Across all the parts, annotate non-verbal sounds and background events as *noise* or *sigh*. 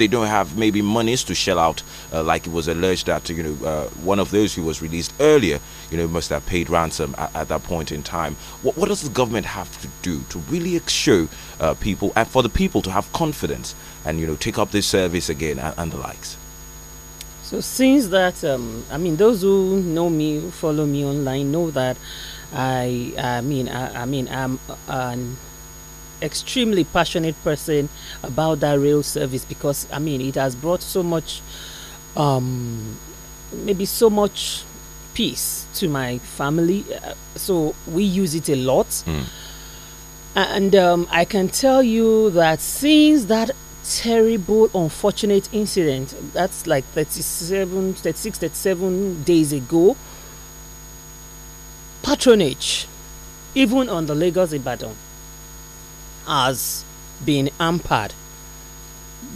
They don't have maybe monies to shell out, uh, like it was alleged that you know uh, one of those who was released earlier, you know, must have paid ransom at, at that point in time. What, what, does the government have to do to really show uh, people and for the people to have confidence and you know take up this service again and, and the likes? So since that, um, I mean, those who know me, who follow me online, know that I, I mean, I, I mean, I'm an extremely passionate person about that rail service because I mean it has brought so much um maybe so much peace to my family uh, so we use it a lot mm. and um, I can tell you that since that terrible unfortunate incident that's like 37 36 37 days ago patronage even on the Lagos Ibadan has been hampered.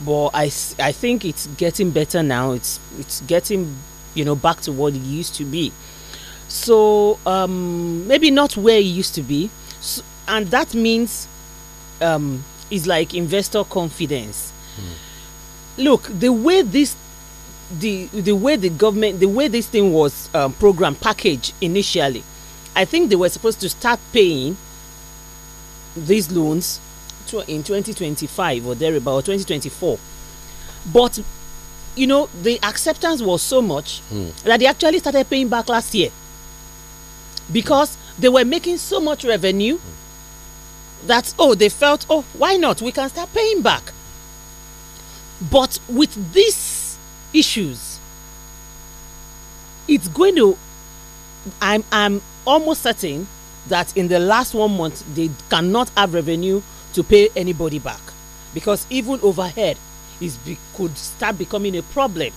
But I, I think it's getting better now. It's it's getting you know back to what it used to be. So um, maybe not where it used to be, so, and that means um, it's like investor confidence. Mm. Look, the way this the the way the government the way this thing was um, program package initially, I think they were supposed to start paying these loans in 2025 or thereabout 2024 but you know the acceptance was so much mm. that they actually started paying back last year because they were making so much revenue that oh they felt oh why not we can start paying back but with these issues it's going to i'm i'm almost certain that in the last one month they cannot have revenue to pay anybody back because even overhead is be, could start becoming a problem. Mm.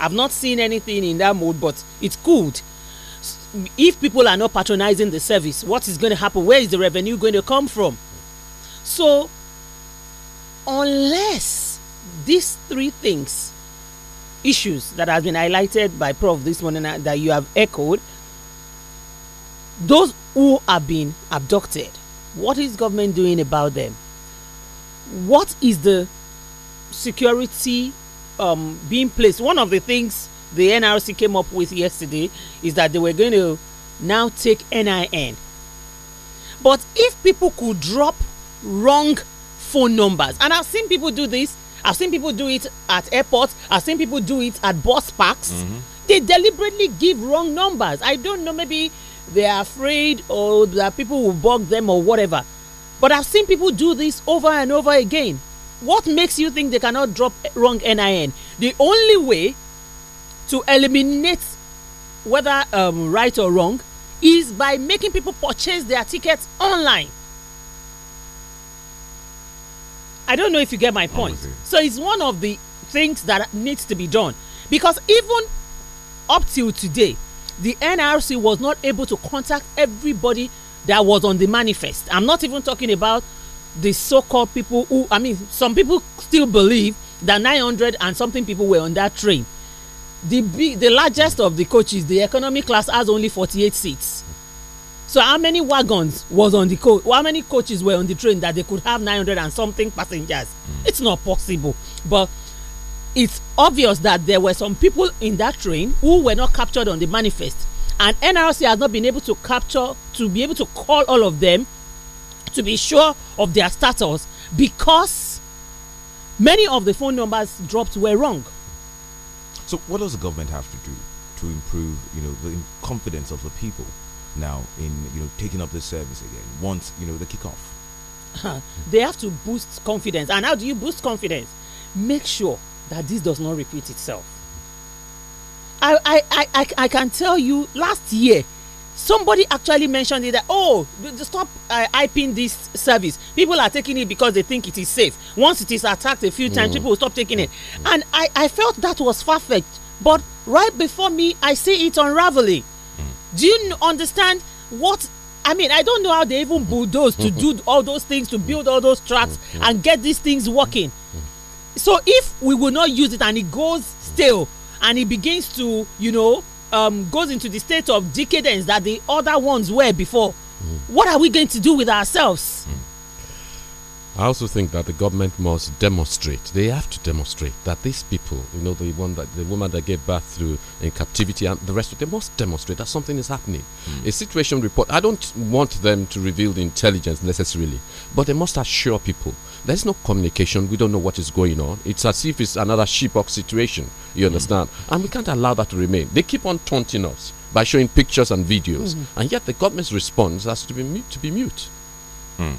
I've not seen anything in that mode, but it could. If people are not patronizing the service, what is going to happen? Where is the revenue going to come from? So, unless these three things, issues that has been highlighted by Prof this morning uh, that you have echoed, those who have been abducted. What is government doing about them? What is the security um, being placed? One of the things the NRC came up with yesterday is that they were going to now take NIN. But if people could drop wrong phone numbers, and I've seen people do this, I've seen people do it at airports, I've seen people do it at bus parks. Mm -hmm. They deliberately give wrong numbers. I don't know, maybe they are afraid or that people will bug them or whatever. But I've seen people do this over and over again. What makes you think they cannot drop wrong NIN? The only way to eliminate whether um, right or wrong is by making people purchase their tickets online. I don't know if you get my point. So it's one of the things that needs to be done because even up till today, the NRC was not able to contact everybody that was on the manifest. I'm not even talking about the so called people who, I mean, some people still believe that 900 and something people were on that train. The, big, the largest of the coaches, the economy class, has only 48 seats. So, how many wagons was on the coach? How many coaches were on the train that they could have 900 and something passengers? It's not possible. But it's obvious that there were some people in that train who were not captured on the manifest and nrc has not been able to capture to be able to call all of them to be sure of their status because many of the phone numbers dropped were wrong so what does the government have to do to improve you know the confidence of the people now in you know taking up this service again once you know the kickoff *laughs* they have to boost confidence and how do you boost confidence make sure that this does not repeat itself. I, I, I, I, I can tell you last year, somebody actually mentioned it that, oh, stop uh, hyping this service. People are taking it because they think it is safe. Once it is attacked a few times, mm. people will stop taking it. Mm. And I, I felt that was far fetched. But right before me, I see it unraveling. Mm. Do you understand what I mean, I don't know how they even bulldoze to mm. do all those things, to build all those tracks and get these things working so if we will not use it and it goes stale and it begins to you know um, goes into the state of decadence that the other ones were before mm. what are we going to do with ourselves mm. I also think that the government must demonstrate. They have to demonstrate that these people, you know, the one that the woman that gave birth through in captivity and the rest of them must demonstrate that something is happening. Mm. A situation report. I don't want them to reveal the intelligence necessarily, but they must assure people there's no communication. We don't know what is going on. It's as if it's another sheephawk situation. You hmm. understand? Mm. And we can't allow that to remain. They keep on taunting us by showing pictures and videos, mm and yet the government's response has to be mute. To be mute. Mm.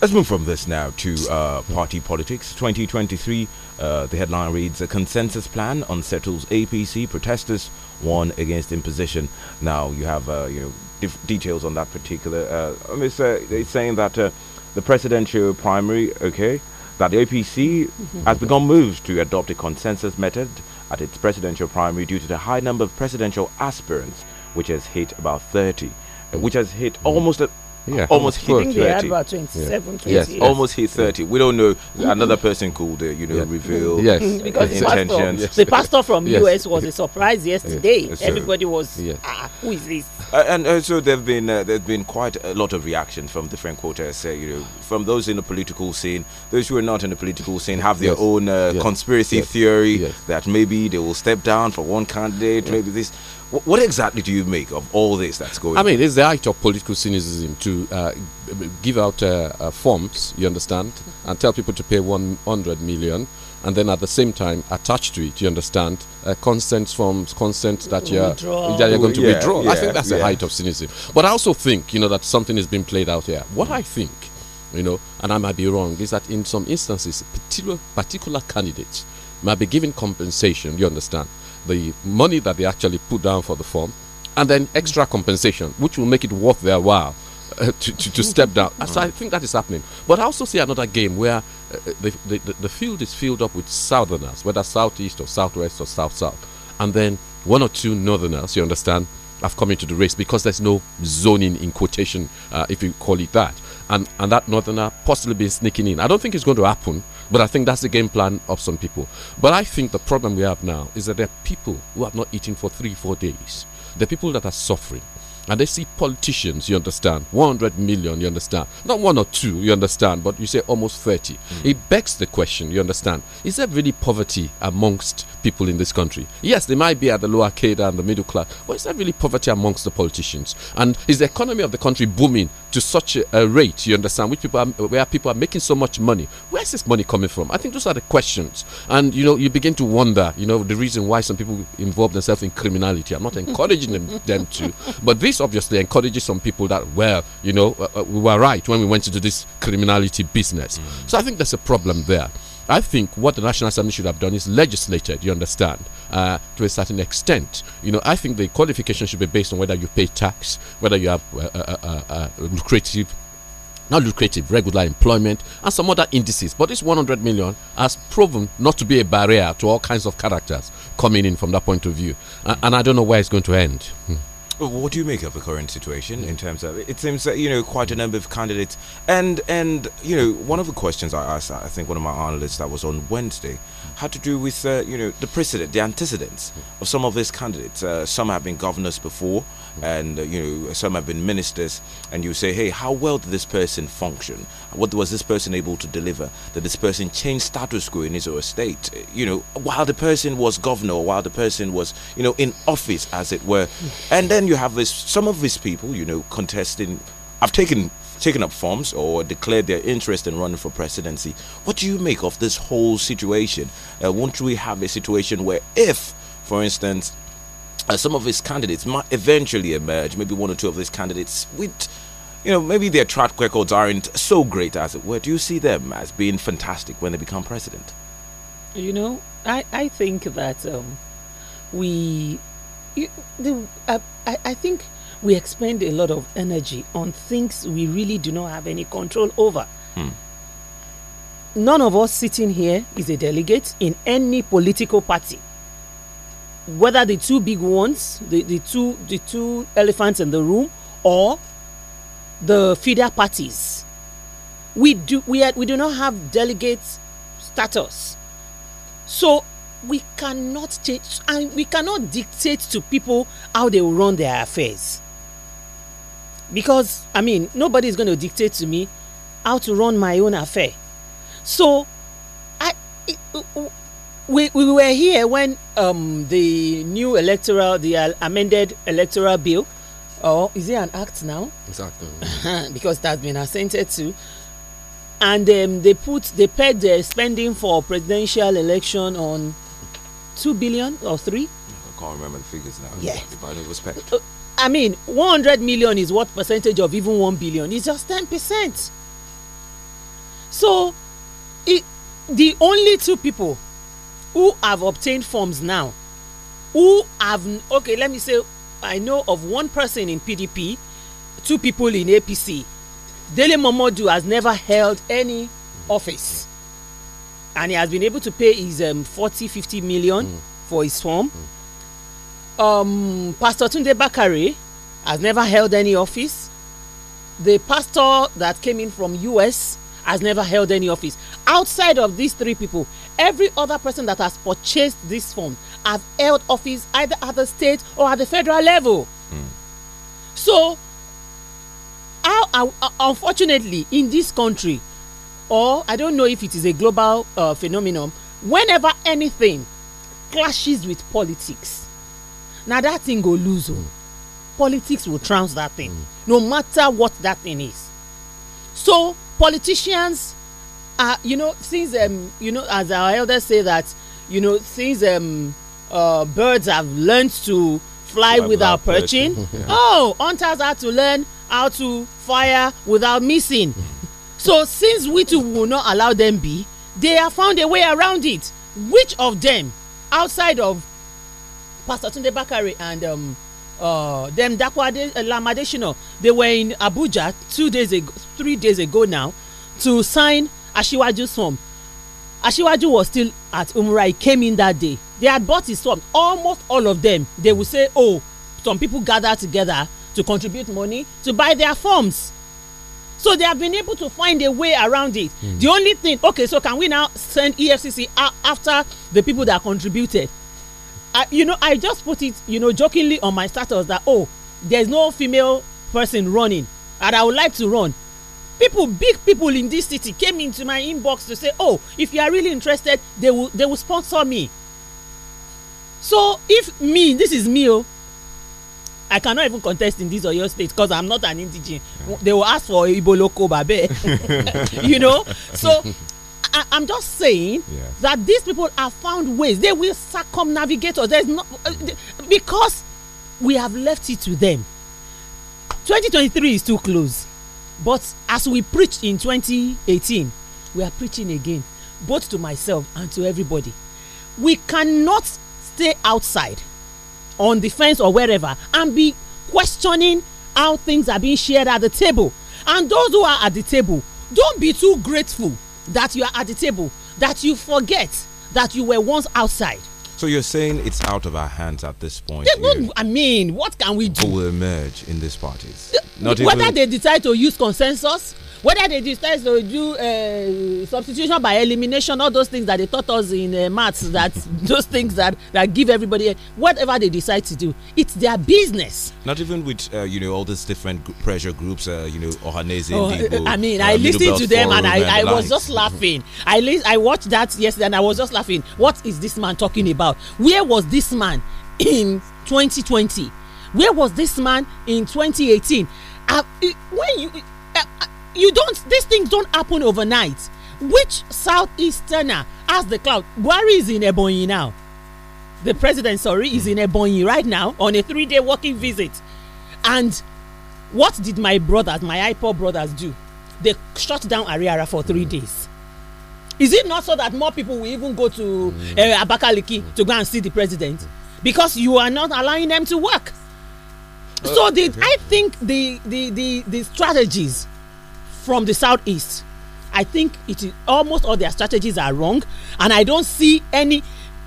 Let's move from this now to uh, party politics. 2023, uh, the headline reads A consensus plan unsettles APC protesters, one against imposition. Now, you have uh, you know, details on that particular. Uh, it's, it's saying that uh, the presidential primary, okay, that the APC mm-hmm. has begun moves to adopt a consensus method at its presidential primary due to the high number of presidential aspirants, which has hit about 30, which has hit mm-hmm. almost a yeah, almost hit 30. about 27, yeah. Yes, yes. almost hit 30. We don't know. Mm-hmm. Another person called uh, you know, yeah. reveal *laughs* yes. *laughs* because the Pastor, the pastor from yes. US was a surprise yesterday. Everybody was, ah, who is this? Uh, and uh, so there've been uh, there've been quite a lot of reaction from different quarters. Uh, you know, from those in the political scene, those who are not in the political scene have their own uh, conspiracy theory that maybe they will step down for one candidate. Maybe this. What exactly do you make of all this that's going on? I mean, it's the act of political cynicism to uh, give out uh, uh, forms, you understand, and tell people to pay 100 million, and then at the same time, attached to it, you understand, uh, consent forms, consent that you're, that you're going to yeah, withdraw. Yeah, I think that's yeah. the height of cynicism. But I also think, you know, that something is being played out here. What I think, you know, and I might be wrong, is that in some instances, particular, particular candidates might be given compensation, you understand, the money that they actually put down for the form, and then extra compensation, which will make it worth their while. Uh, *laughs* to, to, to, step down. So I think that is happening. But I also see another game where uh, the, the, the field is filled up with southerners, whether southeast or southwest or south south. And then one or two northerners, you understand, have come into the race because there's no zoning in quotation, uh, if you call it that. And, and that northerner possibly been sneaking in. I don't think it's going to happen but I think that's the game plan of some people. But I think the problem we have now is that there are people who have not eaten for three, four days. The people that are suffering and they see politicians, you understand, 100 million, you understand, not one or two, you understand, but you say almost 30. Mm. It begs the question, you understand, is there really poverty amongst people in this country? Yes, they might be at the lower cadre and the middle class, but is there really poverty amongst the politicians? And is the economy of the country booming to such a, a rate, you understand, which people are, where people are making so much money? Where's this money coming from? I think those are the questions. And, you know, you begin to wonder, you know, the reason why some people involve themselves in criminality. I'm not *laughs* encouraging them, them to, but this this obviously encourages some people that, well, you know, uh, uh, we were right when we went into this criminality business. Mm. So I think there's a problem there. I think what the National Assembly should have done is legislated, you understand, uh, to a certain extent. You know, I think the qualification should be based on whether you pay tax, whether you have uh, uh, uh lucrative not lucrative, regular employment, and some other indices. But this 100 million has proven not to be a barrier to all kinds of characters coming in from that point of view. And, and I don't know where it's going to end. Hmm what do you make of the current situation in terms of it seems that you know quite a number of candidates and and you know one of the questions I asked I think one of my analysts that was on Wednesday had to do with uh, you know the precedent the antecedents of some of these candidates. Uh, some have been governors before and uh, you know some have been ministers and you say hey how well did this person function what was this person able to deliver did this person change status quo in his or her state you know while the person was governor while the person was you know in office as it were and then you have this some of these people you know contesting i've taken taken up forms or declared their interest in running for presidency what do you make of this whole situation uh, won't we have a situation where if for instance uh, some of his candidates might eventually emerge. Maybe one or two of these candidates with, you know, maybe their track records aren't so great as it were. Do you see them as being fantastic when they become president? You know, I, I think that um, we, you, the, uh, I, I think we expend a lot of energy on things we really do not have any control over. Hmm. None of us sitting here is a delegate in any political party whether the two big ones, the, the two the two elephants in the room, or the feeder parties. We do we are, we do not have delegate status, so we cannot change and we cannot dictate to people how they will run their affairs. Because I mean, nobody is going to dictate to me how to run my own affair. So, I it, we, we were here when um, the new electoral, the uh, amended electoral bill, or is it an act now? Exactly, *laughs* because that's been assented to. And um, they put they pegged the spending for presidential election on two billion or three. I can't remember the figures now. Yeah, but it was Uh, I mean, one hundred million is what percentage of even one billion? It's just ten percent. So, it, the only two people who have obtained forms now who have okay let me say i know of one person in pdp two people in apc dele momodu has never held any office and he has been able to pay his um, 40 50 million mm. for his form mm. um, pastor tunde bakare has never held any office the pastor that came in from us has never held any office. Outside of these three people, every other person that has purchased this fund has held office either at the state or at the federal level. Mm. So, how, uh, uh, unfortunately, in this country, or I don't know if it is a global uh, phenomenon, whenever anything clashes with politics, now that thing go lose. Mm. Politics will trounce that thing, mm. no matter what that thing is. So politicians are you know since um you know as our elders say that you know since um uh, birds have learned to fly, without, perching, *laughs* yeah. oh hunters had to learn how to fire without missing *laughs* so since we too will not allow them be they have found a way around it which of them outside of pastor tunde Bakari and um, uh, them Dakwade uh, Lamadeshino, they were in Abuja two days ago, three days ago now, to sign Ashiwaju's home. Ashiwaju was still at Umra. He came in that day. They had bought his form. Almost all of them, they would say, oh, some people gather together to contribute money to buy their forms. So they have been able to find a way around it. Mm. The only thing, okay, so can we now send EFCC after the people that contributed? I, you know, I just put it, you know, jokingly on my status that oh, there's no female person running, and I would like to run. People, big people in this city came into my inbox to say, oh, if you are really interested, they will they will sponsor me. So if me, this is me, oh, I cannot even contest in this or your state because I'm not an indigene. They will ask for Ibo Loco Babe. *laughs* you know? So I, am just saying yes. that these people have found ways. They will circumnavigate us. There's no uh, because we have left it to them. 2023 is too close, but as we preached in 2018, we are preaching again, both to myself and to everybody. We cannot stay outside on the fence or wherever and be questioning how things are being shared at the table. And those who are at the table, don't be too grateful that you are at the table, that you forget that you were once outside. So you're saying it's out of our hands at this point. Not, I mean, what can we do? Who will emerge in these parties? The, whether even, they decide to use consensus whether they decide to do uh, substitution by elimination all those things that they taught us in uh, maths that those things that that give everybody whatever they decide to do it's their business. not even with uh, you know all these different pressure groups uh, you know Ohaneze, oh, I mean I uh, listened to them and I, I was just laughing I li I watched that yesterday and I was just laughing what is this man talking about where was this man in 2020 where was this man in 2018 uh, when you uh, uh you don't these things don't happen overnight which southeasterner has the cloud buhari is in ebonyi now the president sorry is in ebonyi right now on a three-day working visit and what did my brothers my ipo brothers do they shut down ariara for three days is it not so that more people will even go to uh, abakaliki mm. to go and see the president because you are not allowing them to work uh, so the, mm-hmm. i think the the the, the strategies from the southeast. I think it is almost all their strategies are wrong, and I don't see any.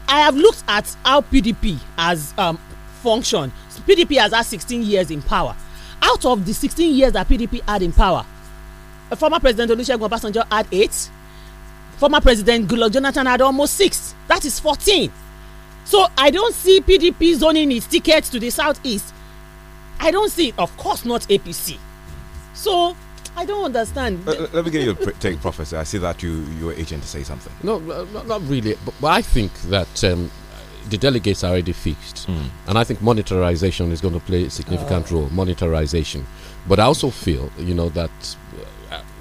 I have looked at how PDP has um, functioned. PDP has had 16 years in power. Out of the 16 years that PDP had in power, former President Olusegun Obasanjo had eight. Former President Goodluck Jonathan had almost six. That is 14. So I don't see PDP zoning its tickets to the southeast. I don't see it. Of course, not APC. So I don't understand. Uh, let me get you take, Professor. I see that you your agent to say something. No, not, not really. But, but, I think that um, the delegates are already fixed, mm. and I think monetarization is going to play a significant uh. role. Monetarization, but I also feel you know that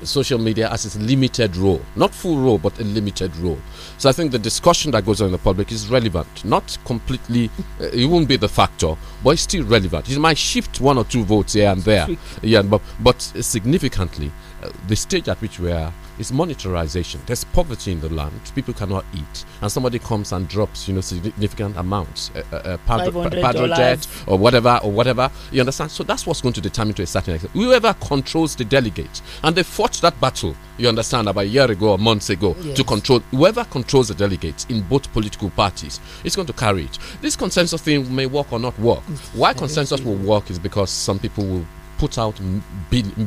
social media has its limited role, not full role, but a limited role. So I think the discussion that goes on in the public is relevant, not completely. Uh, it won't be the factor, but it's still relevant. It might shift one or two votes here and there, yeah, but but significantly, uh, the stage at which we are it's monetarization. There's poverty in the land. People cannot eat, and somebody comes and drops, you know, significant amounts, uh, uh, uh padro jet or whatever or whatever. You understand? So that's what's going to determine to a certain extent. Whoever controls the delegate, and they fought that battle. You understand about a year ago or months ago yes. to control whoever controls the delegates in both political parties is going to carry it. This consensus thing may work or not work. Why consensus will work is because some people will put out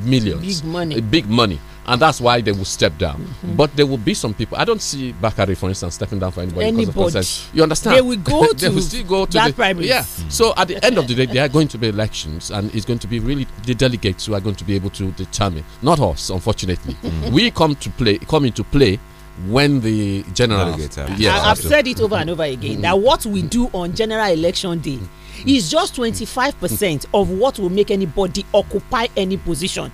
millions, big money, uh, big money, and that's why they will step down. Mm -hmm. But there will be some people. I don't see Bakari, for instance, stepping down for anybody. anybody. You understand? They will go *laughs* they to will still go to that primary. Yeah. So at the end of the day, there are going to be elections, and it's going to be really the delegates who are going to be able to determine. Not us, unfortunately. Mm -hmm. We come to play, come into play when the general. Yes, I, have said it over and over again that what we do on general election day mm-hmm is just 25% of what will make anybody occupy any position.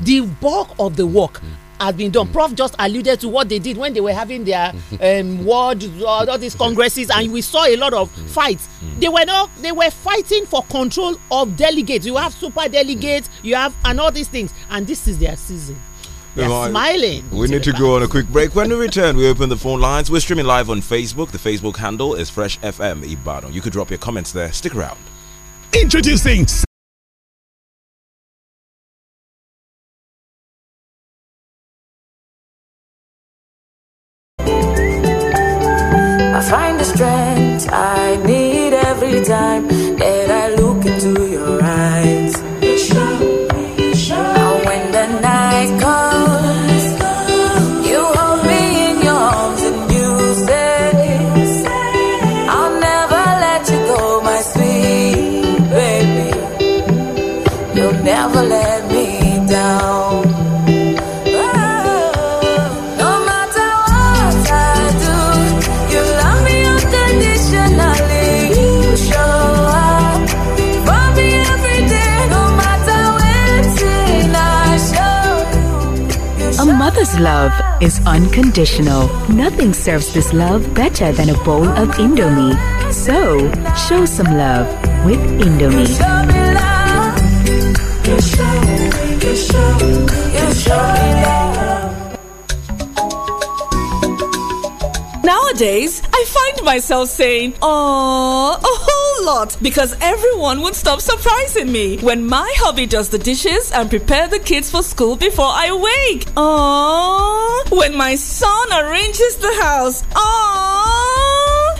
The bulk of the work has been done. Prof just alluded to what they did when they were having their um, world, uh, all these congresses, and we saw a lot of fights. They were not, they were fighting for control of delegates. You have super delegates, you have, and all these things, and this is their season. They're smiling. We need to go on a quick break. When we return, we open the phone lines. We're streaming live on Facebook. The Facebook handle is Fresh FM Ibadan. You could drop your comments there. Stick around. Introducing. I find the strength I need every time. love is unconditional. Nothing serves this love better than a bowl of Indomie. So, show some love with Indomie. Nowadays, I find myself saying, oh, oh lot because everyone would stop surprising me when my hubby does the dishes and prepare the kids for school before I wake. Aww. When my son arranges the house. Aww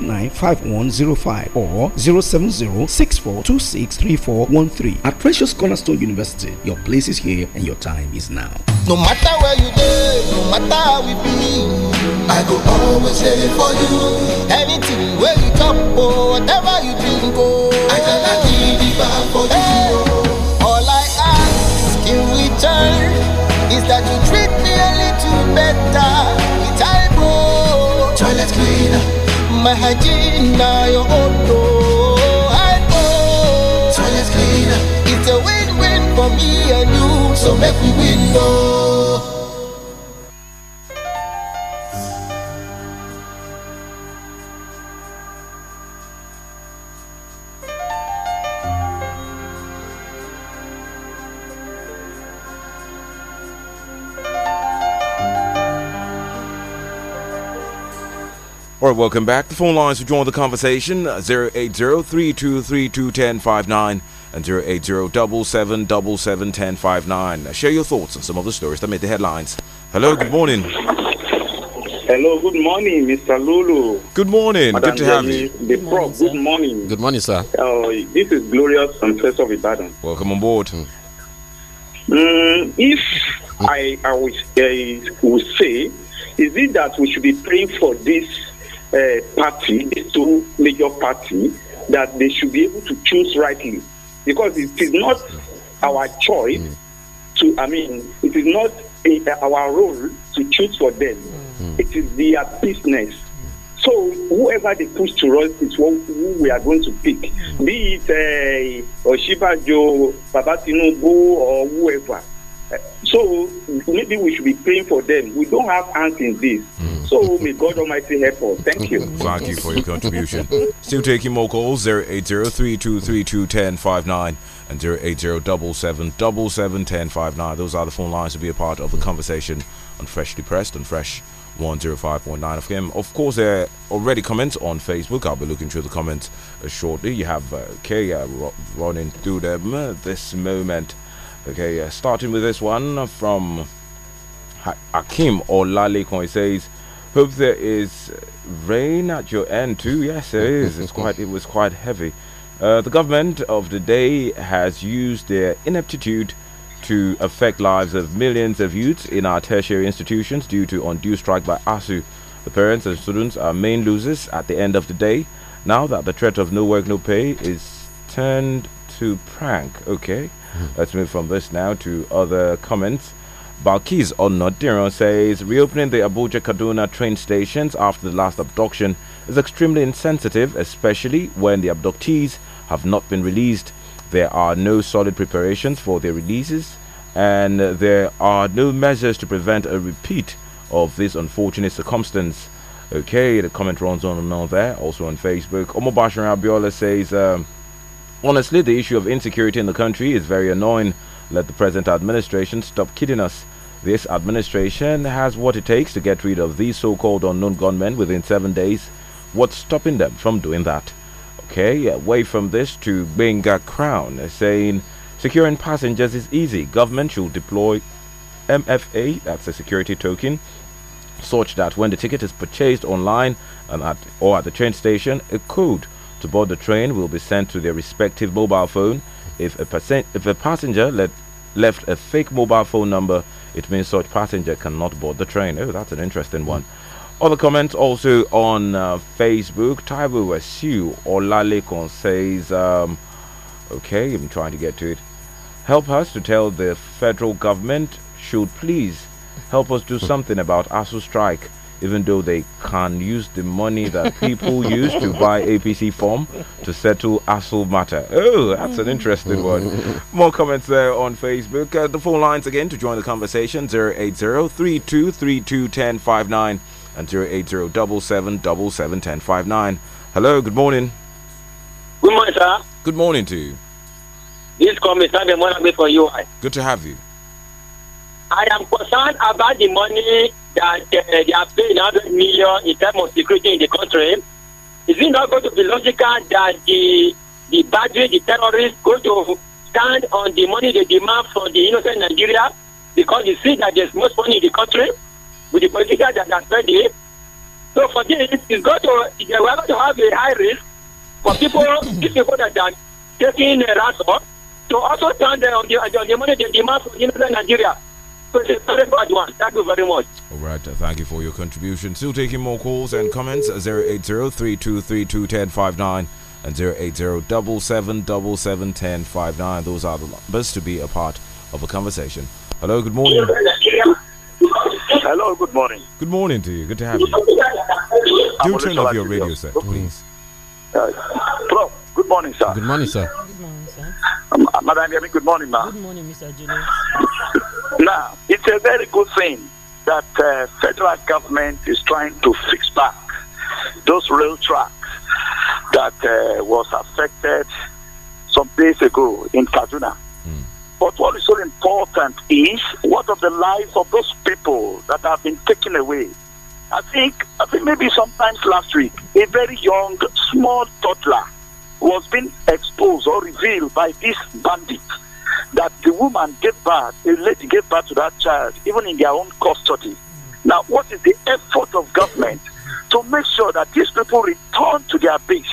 395105 or 070 At Precious Cornerstone University, your place is here and your time is now. No matter where you go, no matter how we be, I go always there for you. Anything where you come, or oh, whatever you drink, oh, I cannot give back for you. Oh. All I ask in return is that you treat me a little better. It's I go. Toilet cleaner mahajina yo ondo oh, Toilet cleaner It's a win-win for me and you So make we win, oh right, welcome back. The phone lines to join the conversation uh, 80 3232 and 080-777-1059. Uh, share your thoughts on some of the stories that made the headlines. Hello, good morning. Hello, good morning, Mr. Lulu. Good morning. Madam good to have you. The good morning, good morning. Good morning, sir. Uh, this is Glorious and First of Ibadan. Welcome on board. Mm, if I, I would, uh, would say, is it that we should be praying for this Eh, party, the two major party, that they should be able to choose rightly. Because it is not our choice mm. to, I mean, it is not a, our role to choose for them. Mm. It is their business. So whoever they push to run is what, who we are going to pick, mm. be it uh, eh, Joe, Babatinubu, or whoever. So maybe we should be praying for them. We don't have hands in this. Mm. So may God Almighty help us. Thank you. *laughs* Thank you for your contribution. Still taking more calls 08032321059 and 08077771059. Those are the phone lines to be a part of the conversation on Freshly Pressed and Fresh 105.9 him. Of course, there uh, are already comments on Facebook. I'll be looking through the comments uh, shortly. You have uh, Kaya uh, running through them uh, this moment. Okay, uh, starting with this one from Akim Olalekon. He says, "Hope there is rain at your end too." Yes, there is. It's *laughs* quite. It was quite heavy. Uh, the government of the day has used their ineptitude to affect lives of millions of youths in our tertiary institutions due to undue strike by ASU. The parents and students are main losers at the end of the day. Now that the threat of no work, no pay is turned to prank, okay? Let's move from this now to other comments. Balkis Onodiron says reopening the Abuja Kaduna train stations after the last abduction is extremely insensitive, especially when the abductees have not been released. There are no solid preparations for their releases, and there are no measures to prevent a repeat of this unfortunate circumstance. Okay, the comment runs on and on there, also on Facebook. Bashir Abiola says, um, Honestly, the issue of insecurity in the country is very annoying. Let the present administration stop kidding us. This administration has what it takes to get rid of these so-called unknown gunmen within seven days. What's stopping them from doing that? Okay, away from this to Benga Crown, saying securing passengers is easy. Government should deploy MFA, that's a security token, such that when the ticket is purchased online and at, or at the train station, a code to board the train will be sent to their respective mobile phone. If a, if a passenger let, left a fake mobile phone number, it means such passenger cannot board the train. Oh, that's an interesting one. Other comments also on uh, Facebook. Taiwo Wasu Olalekon says, um, okay, I'm trying to get to it. Help us to tell the federal government should please help us do something about ASU strike even though they can use the money that people *laughs* use to buy APC form to settle asshole matter. Oh, that's an interesting mm. one. More comments there on Facebook. Uh, the phone lines again to join the conversation 80 three two ten five nine 1059 and 80 double seven ten five nine. 1059 Hello, good morning. Good morning, sir. Good morning to you. This call is Samuel Mwanabe for UI. Good to have you. I am concerned about the money that uh, they are paying 100 million in terms of security in the country, is it not going to be logical that the the guys, the terrorists go to stand on the money they demand from the innocent Nigeria because you see that there's most money in the country with the political that are spending it. So for this, it's going to, uh, we are going to have a high risk for people, these people that are taking a ransom, to also stand on the, on the money they demand from the innocent Nigeria. Thank you very much. All right, thank you for your contribution. Still taking more calls and comments 08032321059 and 08077771059. Those are the numbers to be a part of a conversation. Hello, good morning. Hello, good morning. Good morning to you. Good to have you. Do turn off your radio sir, please. Uh, good morning, sir. Good morning, sir. Good morning, sir. Um, uh, Madam good morning, ma'am. Good morning, Mr. Julius. Now, it's a very good thing that uh, federal government is trying to fix back those rail tracks that uh, was affected some days ago in Kaduna. Mm. But what is so important is what of the lives of those people that have been taken away. I think, I think maybe sometimes last week, a very young, small toddler was being exposed or revealed by this bandit that the woman gave birth, a lady gave birth to that child, even in their own custody. Now, what is the effort of government to make sure that these people return to their base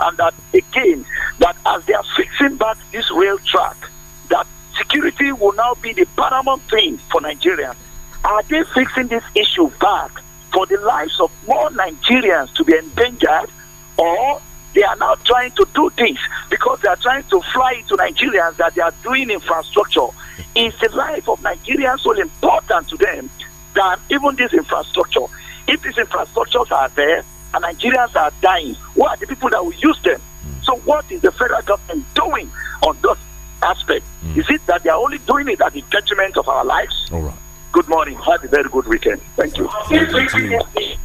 and that, again, that as they are fixing back this rail track, that security will now be the paramount thing for Nigerians? Are they fixing this issue back for the lives of more Nigerians to be endangered or they are now trying to do things because they are trying to fly to Nigerians that they are doing infrastructure. Is the life of Nigerians so important to them than even this infrastructure? If these infrastructures are there and Nigerians are dying, who are the people that will use them? So, what is the federal government doing on those aspects? Hmm. Is it that they are only doing it at the detriment of our lives? All right. Good morning. Have a very good weekend. Thank you.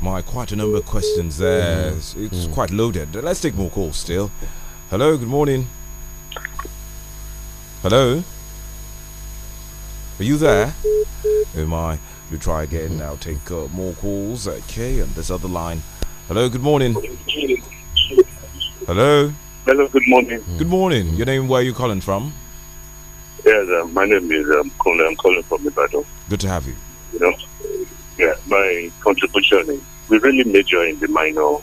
My, quite a number of questions there. It's, it's mm. quite loaded. Let's take more calls still. Hello, good morning. Hello? Are you there? Oh my. You try again. I'll take uh, more calls. Okay, and this other line. Hello, good morning. Hello? Hello, good morning. Good morning. Your name, where are you calling from? Yes, my name is um, I'm calling from Ibadan. Good to have you. You know, yeah, my contribution is we really major in the minor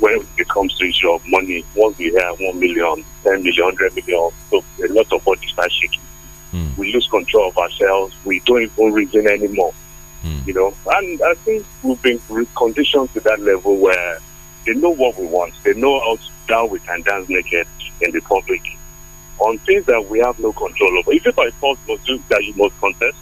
when it comes to issue of money. Once we have 1 million, 10 million, 100 million, so a lot of money are shaking. Mm. We lose control of ourselves. We don't even reason anymore. Mm. You know, and I think we've been conditioned to that level where they know what we want. They know how to down we can dance naked in the public on things that we have no control over. If you by force must do that, you must contest.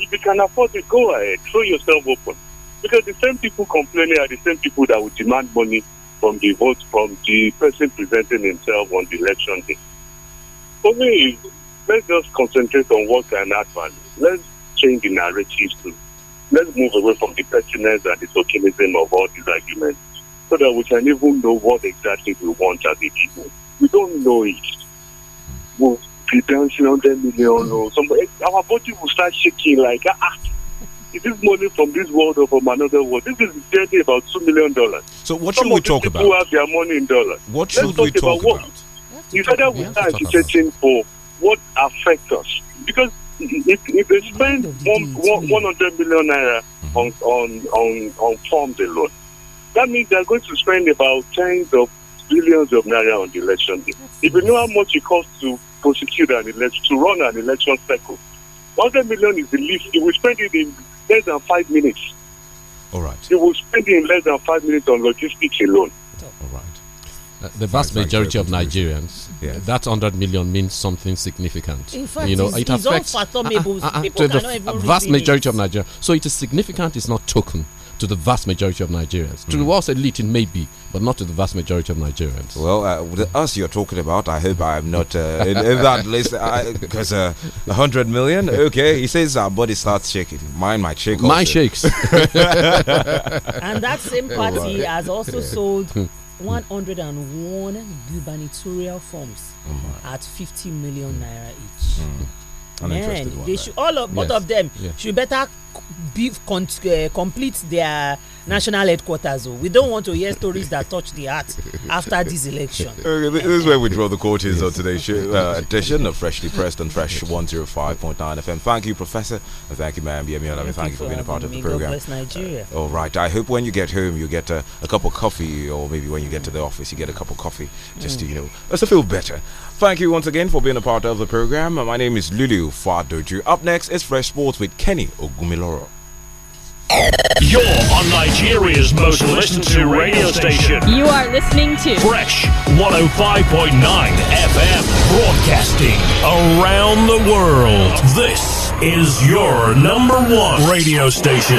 If you can afford it, go ahead, throw yourself open. Because the same people complaining are the same people that will demand money from the vote from the person presenting himself on the election day. For me, let's just concentrate on what can add value. Let's change the narratives too. Let's move away from the pettiness and the tokenism of all these arguments so that we can even know what exactly we want as a people. We don't know it will be dancing 100 million or Our body will start shaking like, ah, ah. is this money from this world or from another world? This is barely about $2 million. So what should Some we talk about? People have their money in dollars. What should Let's we talk, about? about? What, you said we start searching for what affects us. Because if, if they spend one, one, 100 million naira mm-hmm. on, on, on, on forms alone, that means they're going to spend about tens of billions of naira on the election day. If you know how much it costs to prosecute an election, to run an election cycle, 100 million is the least. You will spend it in less than five minutes. All right. You will spend it in less than five minutes on logistics alone. All right. Uh, the vast majority of Nigerians, yeah. that 100 million means something significant. In fact, you know, it's, it affects it's Uh, uh, to the vast majority it. of Nigerians. So it is significant, it's not token to the vast majority of Nigerians. Mm. To hmm. the world's elite, it may be, but not to the vast majority of Nigerians. Well, uh, us you're talking about, I hope I'm not uh, in, in, *laughs* that list because uh, 100 uh, million? Okay. He says our body starts shaking. Mine might shake. Mine shakes. *laughs* and that same oh, party right. has also sold hmm. 101 gubernatorial forms oh at 50 million hmm. naira each. Mm men they should all of both of them yeah. should better be con uh, complete their national headquarters. Oh. We don't want to hear stories that touch the heart after this election. *laughs* Okay, this is where we draw the curtains on today's show, uh, edition of Freshly Pressed and Fresh 105.9 FM. Thank you, Professor. And thank you, Ma'am Thank, thank you for, for being a part of the program. God bless Nigeria. Uh, all right. I hope when you get home, you get a, a cup of coffee, or maybe when you get to the office, you get a cup of coffee just mm. to, you know, just to feel better Thank you once again for being a part of the program. My name is Lulu Fadoju. Up next is Fresh Sports with Kenny Ogumiloro. You're on Nigeria's most listened to radio station. You are listening to Fresh 105.9 FM broadcasting around the world. This is your number one radio station.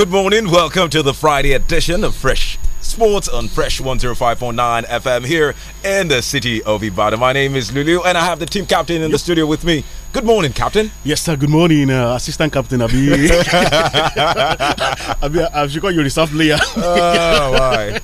Good morning. Welcome to the Friday edition of Fresh Sports on Fresh 105.9 FM here in the city of Ibadan. My name is Lulu, and I have the team captain in the studio with me, Good morning, Captain. Yes, sir. Good morning, uh, Assistant Captain Abi. *laughs* Abi, I've uh, got your reserve player. *laughs* Oh, why?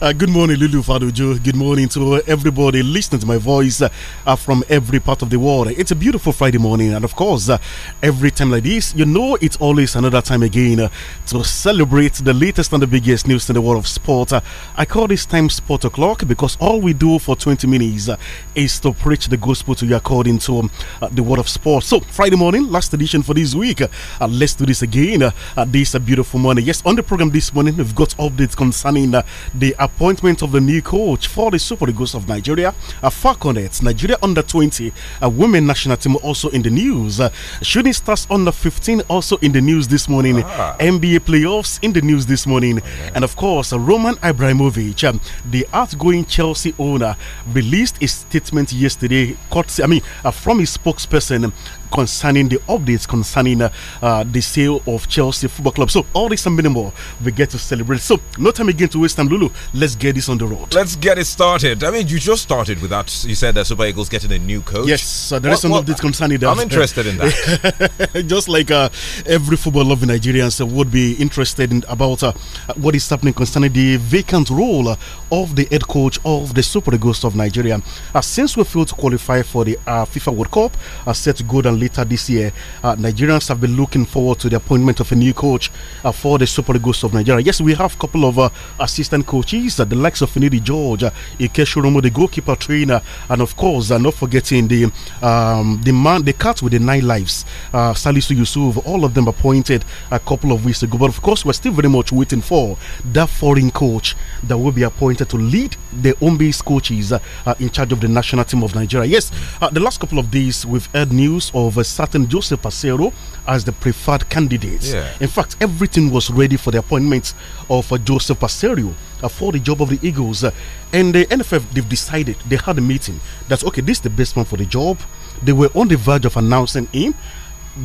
Uh, good morning, Lulu Fadujo. Good morning to everybody listening to my voice uh, uh, from every part of the world. It's a beautiful Friday morning, and of course, uh, every time like this, you know it's always another time again to celebrate the latest and the biggest news in the world of sport. I call this time Sport O'Clock because all we do for 20 minutes is to preach the gospel to you according to the world of sports. So, Friday morning, last edition for this week. Uh, let's do this again. Uh, uh this a beautiful morning. Yes, on the program this morning, we've got updates concerning uh, the appointment of the new coach for the Super Eagles of Nigeria, uh, Falconets, Nigeria under 20, uh, women national team also in the news. Uh, shooting Stars under 15 also in the news this morning. Ah. NBA playoffs in the news this morning. Oh, and of course, uh, Roman Ibrahimovic, um, the outgoing Chelsea owner, released a statement yesterday, courtesy, I mean, uh, from his spokesperson listen concerning the updates concerning uh, uh, the sale of Chelsea Football Club. So all this and many more we get to celebrate. So no time again to waste time, Lulu. Let's get this on the road. Let's get it started. I mean, you just started with that. You said that Super Eagles getting a new coach. Yes, uh, there what, is some updates concerning that. I'm interested in that. *laughs* just like uh, every football loving Nigerians would be interested in about uh, what is happening concerning the vacant role uh, of the head coach of the Super Eagles of Nigeria. since we failed to qualify for the FIFA World Cup, are set to go down later this year. Uh, Nigerians have been looking forward to the appointment of a new coach uh, for the Super Eagles of Nigeria. Yes, we have a couple of uh, assistant coaches, uh, the likes of Finidi George, uh, Ikeshurumo, the goalkeeper trainer, and of course, uh, not forgetting the um, the man, the cat with the nine lives, uh, Salisu Yusuf. All of them appointed a couple of weeks ago. But of course, we're still very much waiting for that foreign coach that will be appointed to lead the home-based coaches in charge of the national team of Nigeria. Yes, the last couple of days we've heard news of of a certain Joseph Acero as the preferred candidate. Yeah. In fact, everything was ready for the appointment of uh, Joseph Acero uh, for the job of the Eagles. Uh, and the NFF, they've decided, they had a meeting that, okay, this is the best man for the job. They were on the verge of announcing him,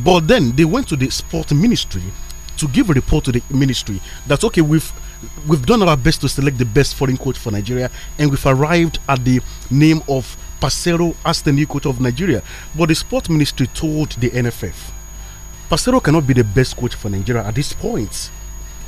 but then they went to the sport ministry to give a report to the ministry that, okay, we've we've done our best to select the best foreign coach for Nigeria, and we've arrived at the name of Pasero as the new coach of Nigeria. But the sport ministry told the NFF, Pasero cannot be the best coach for Nigeria at this point.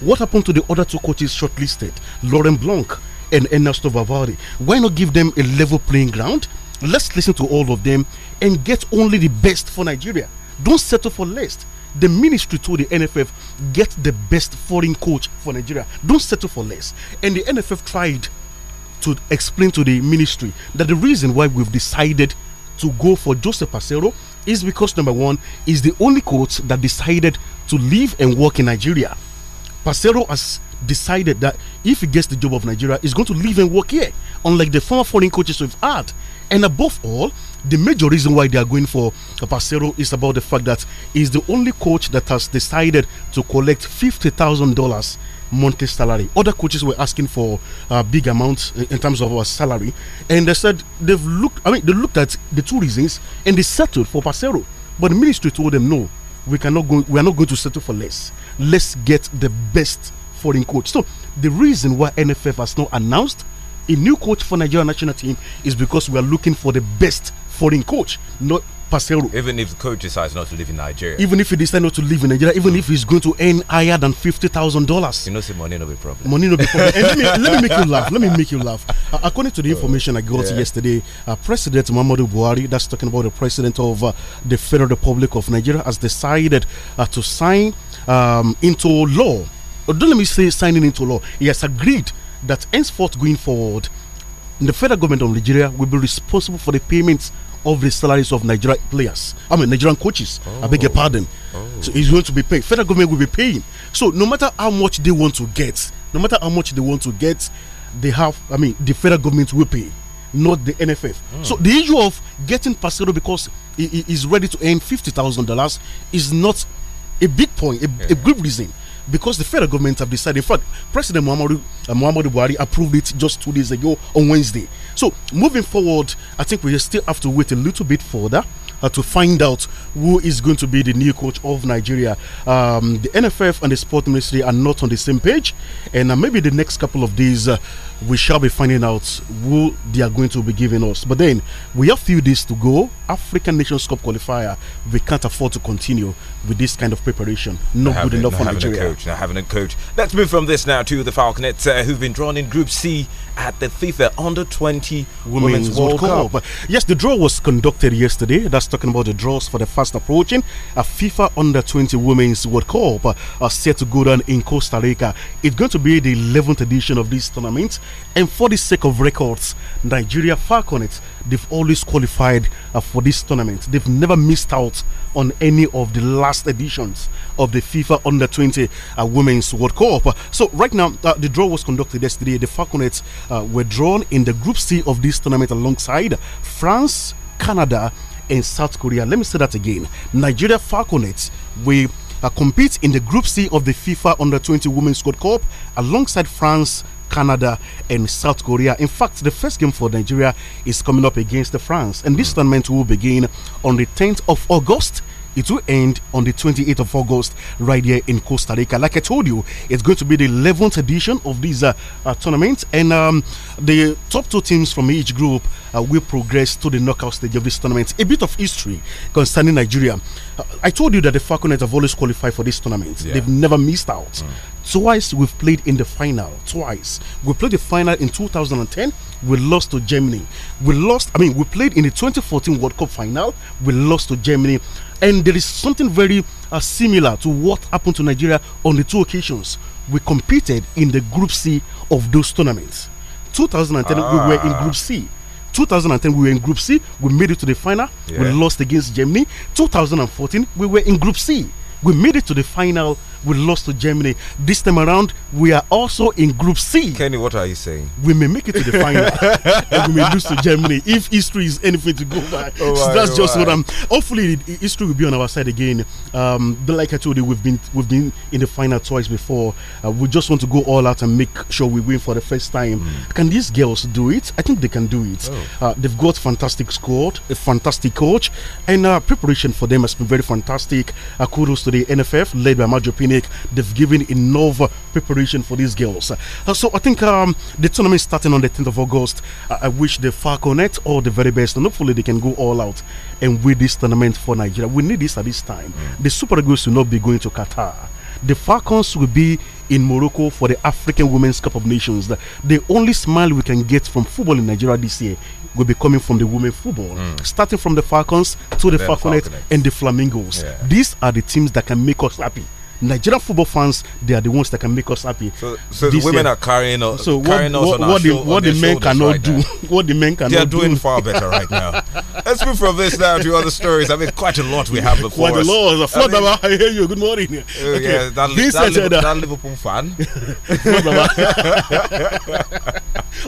What happened to the other two coaches shortlisted, Lauren Blanc and Ernesto Vavari? Why not give them a level playing ground? Let's listen to all of them and get only the best for Nigeria. Don't settle for less. The ministry told the NFF, get the best foreign coach for Nigeria. Don't settle for less. And the NFF tried to explain to the ministry that the reason why we've decided to go for Joseph Acero is because number one is the only coach that decided to live and work in Nigeria. Pacero has decided that if he gets the job of Nigeria, he's going to live and work here, unlike the former foreign coaches we've had. And above all, the major reason why they are going for Pacero is about the fact that he's the only coach that has decided to collect fifty thousand dollars monthly salary. Other coaches were asking for uh, big amounts in, in terms of our salary, and they said they've looked. I mean, they looked at the two reasons and they settled for Pacero. But the ministry told them no, we cannot go. We are not going to settle for less. Let's get the best foreign coach. So the reason why NFF has not announced a new coach for Nigeria national team is because we are looking for the best foreign coach, not Pasero. Even if the coach decides not to live in Nigeria. Even if he decides not to live in Nigeria, even mm. if he's going to earn higher than fifty thousand dollars. You know, say money no be problem. Money no be problem. *laughs* let, me, let me make you laugh. Let me make you laugh. Uh, according to the oh, information I got yeah. yesterday, uh, President Muhammadu Buhari, that's talking about the president of uh, the Federal Republic of Nigeria, has decided uh, to sign um, into law. Or uh, don't let me say signing into law. He has agreed that henceforth going forward the federal government of Nigeria will be responsible for the payments of the salaries of Nigerian players. I mean, Nigerian coaches. Oh. I beg your oh. pardon. Oh. So he's going to be paid. Federal government will be paying. So no matter how much they want to get, no matter how much they want to get, they have. I mean, the federal government will pay, not the NFF. Oh. Hmm. So the issue of getting Pascado because he, he is ready to earn fifty thousand dollars is not a big point, a, yeah. a good reason because the federal government have decided. In fact, President Muhammadu, uh, Muhammadu Buhari approved it just two days ago on Wednesday so moving forward, I think we still have to wait a little bit further. Uh, to find out who is going to be the new coach of Nigeria. Um, the NFF and the sport ministry are not on the same page, and uh, maybe the next couple of days, uh, we shall be finding out who they are going to be giving us. But then we have few days to go. African Nations Cup qualifier. We can't afford to continue with this kind of preparation. Not, not good enough for Nigeria. a coach, not having a coach. Let's move from this now to the Falconets, uh, who've been drawn in Group C at the FIFA Under 20 Women's, Women's World, World, Cup. Cup. Yes, the draw was conducted yesterday. That's talking about the draws for the fast approaching a FIFA Under 20 Women's World Cup uh, set to go down in Costa Rica. It's going to be the 11th edition of this tournament. And for the sake of records, Nigeria, far they've always qualified uh, for this tournament. They've never missed out on any of the last editions of the FIFA Under 20 uh, Women's World Cup. So, right now, uh, the draw was conducted yesterday. The Falconets uh, were drawn in the Group C of this tournament alongside France, Canada, and South Korea. Let me say that again Nigeria Falconets will uh, compete in the Group C of the FIFA Under 20 Women's World Cup alongside France, Canada, and South Korea. In fact, the first game for Nigeria is coming up against France, and this tournament will begin on the 10th of August. It will end on the 28th of August right here in Costa Rica. Like I told you, it's going to be the 11th edition of this uh, uh, tournament, and um, the top two teams from each group uh, will progress to the knockout stage of this tournament. A bit of history concerning Nigeria. Uh, I told you that the Falconets have always qualified for this tournament. Yeah. They've never missed out. Mm. Twice we've played in the final. Twice we played the final in 2010. We lost to Germany. We lost. I mean, we played in the 2014 World Cup final. We lost to Germany. And there is something very uh, similar to what happened to Nigeria on the two occasions we competed in the Group C of those tournaments. 2010, ah. we were in Group C. 2010 we were in group c we made it to the final yeah. we lost against germany 2014 we were in group c we made it to the final. We lost to Germany. This time around, we are also in Group C. Kenny, what are you saying? We may make it to the *laughs* final, and we may lose to Germany if history is anything to go by. Oh so that's oh just my. what I'm. Hopefully, history will be on our side again. Um, but like I told you, we've been we've been in the final twice before. Uh, we just want to go all out and make sure we win for the first time. Mm. Can these girls do it? I think they can do it. Oh. Uh, they've got fantastic squad, a fantastic coach, and uh, preparation for them has been very fantastic. Uh, kudos to to the NFF led by Major Pinnick. They've given enough preparation for these girls. Uh, so I think um, the tournament is starting on the 10th of August. I, uh, I wish the Falconet all the very best, and hopefully they can go all out and win this tournament for Nigeria. We need this at this time. Mm. The Super Eagles will not be going to Qatar. The Falcons will be in Morocco for the African Women's Cup of Nations. The, the only smile we can get from football in Nigeria this year will be coming from the women football, mm. starting from the Falcons to the, the Falconets and the Flamingos. Yeah. These are the teams that can make us happy. Nigerian football fans, they are the ones that can make us happy. So, so the women year. are carrying us. So what, what, what, the, what the men cannot right do, *laughs* what the men cannot. They are doing do. far better right now. *laughs* Let's move from this now to other stories. I mean, quite a lot we have before quite us. Quite a lot. I, mean, Baba, *laughs* I hear you. Good morning. Uh, okay. Yeah, that, this that, Liverpool, that Liverpool fan.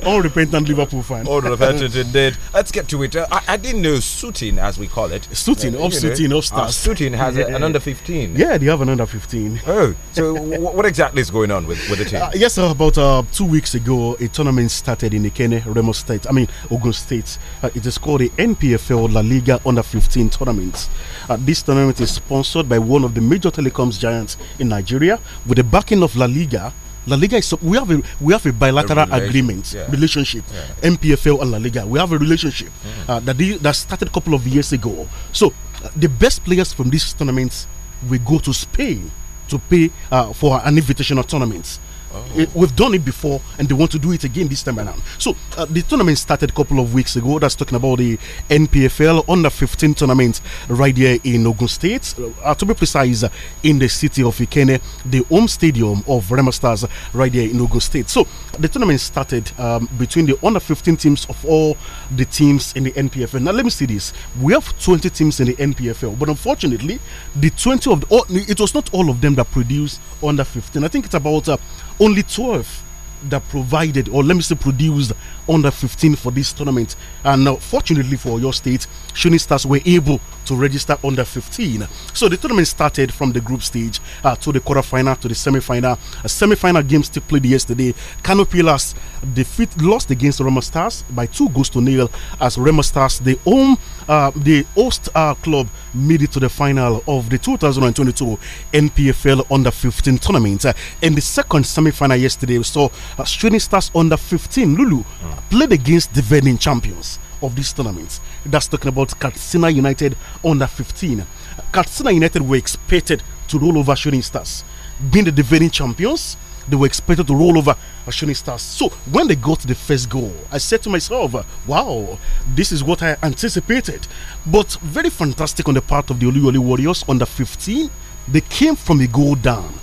Unrepentant Liverpool fan. Unrepentant indeed. Let's get to it. Uh, I, I, didn't know Sutin, as we call it. Sutin, uh, off Sutin, off uh, Stars. Sutin has yeah. an under 15. Yeah, they have an under 15. Oh, so *laughs* what exactly is going on with, with the team? Uh, yes, about uh, two weeks ago, a tournament started in Ikene, Remo State, I mean, Ogun State. Uh, it is called the NPFL La Liga Under 15 tournament. Uh, this tournament is sponsored by one of the major telecoms giants in Nigeria with the backing of La Liga. La Liga is we have a we have a bilateral a agreement yeah. relationship yeah. MPFL and La Liga we have a relationship mm. uh, that they, that started a couple of years ago so uh, the best players from this tournament will go to Spain to pay uh, for an invitational tournament. Oh. It, eh, we've done it before, and they want to do it again this time around. So uh, the tournament started a couple of weeks ago. That's talking about the NPFL under 15 tournament right here in Ogun State. Uh, uh, to be precise, uh, in the city of Ikene, the home stadium of Rema Stars right here in Ogun State. So the tournament started um, between the under 15 teams of all the teams in the NPFL. Now let me see this: we have 20 teams in the NPFL, but unfortunately, the 20 of the, oh, it was not all of them that produced under 15. I think it's about uh, only 12 that provided, or let me say, produced under 15 for this tournament. And fortunately for your state, Shuni Stars were able to register under 15. So the tournament started from the group stage uh, to the quarterfinal to the semi-final. A semi-final game still played yesterday. Canopilas defeat lost against Roma Stars by two goals to nil as Roma Stars, the home, uh, the host uh, club, made it to the final of the 2022 NPFL under 15 tournament. Uh, in the second semi-final yesterday, we saw uh, Stars under 15 Lulu mm played against the defending champions of this tournament. That's talking about Katsina United under 15. Katsina United were expected to roll over Shooting Stars. Being the defending champions, they were expected to roll over Shooting Stars. So when they got the first goal, I said to myself, wow, this is what I anticipated. But very fantastic on the part of the Oli Warriors under 15. They came from a goal down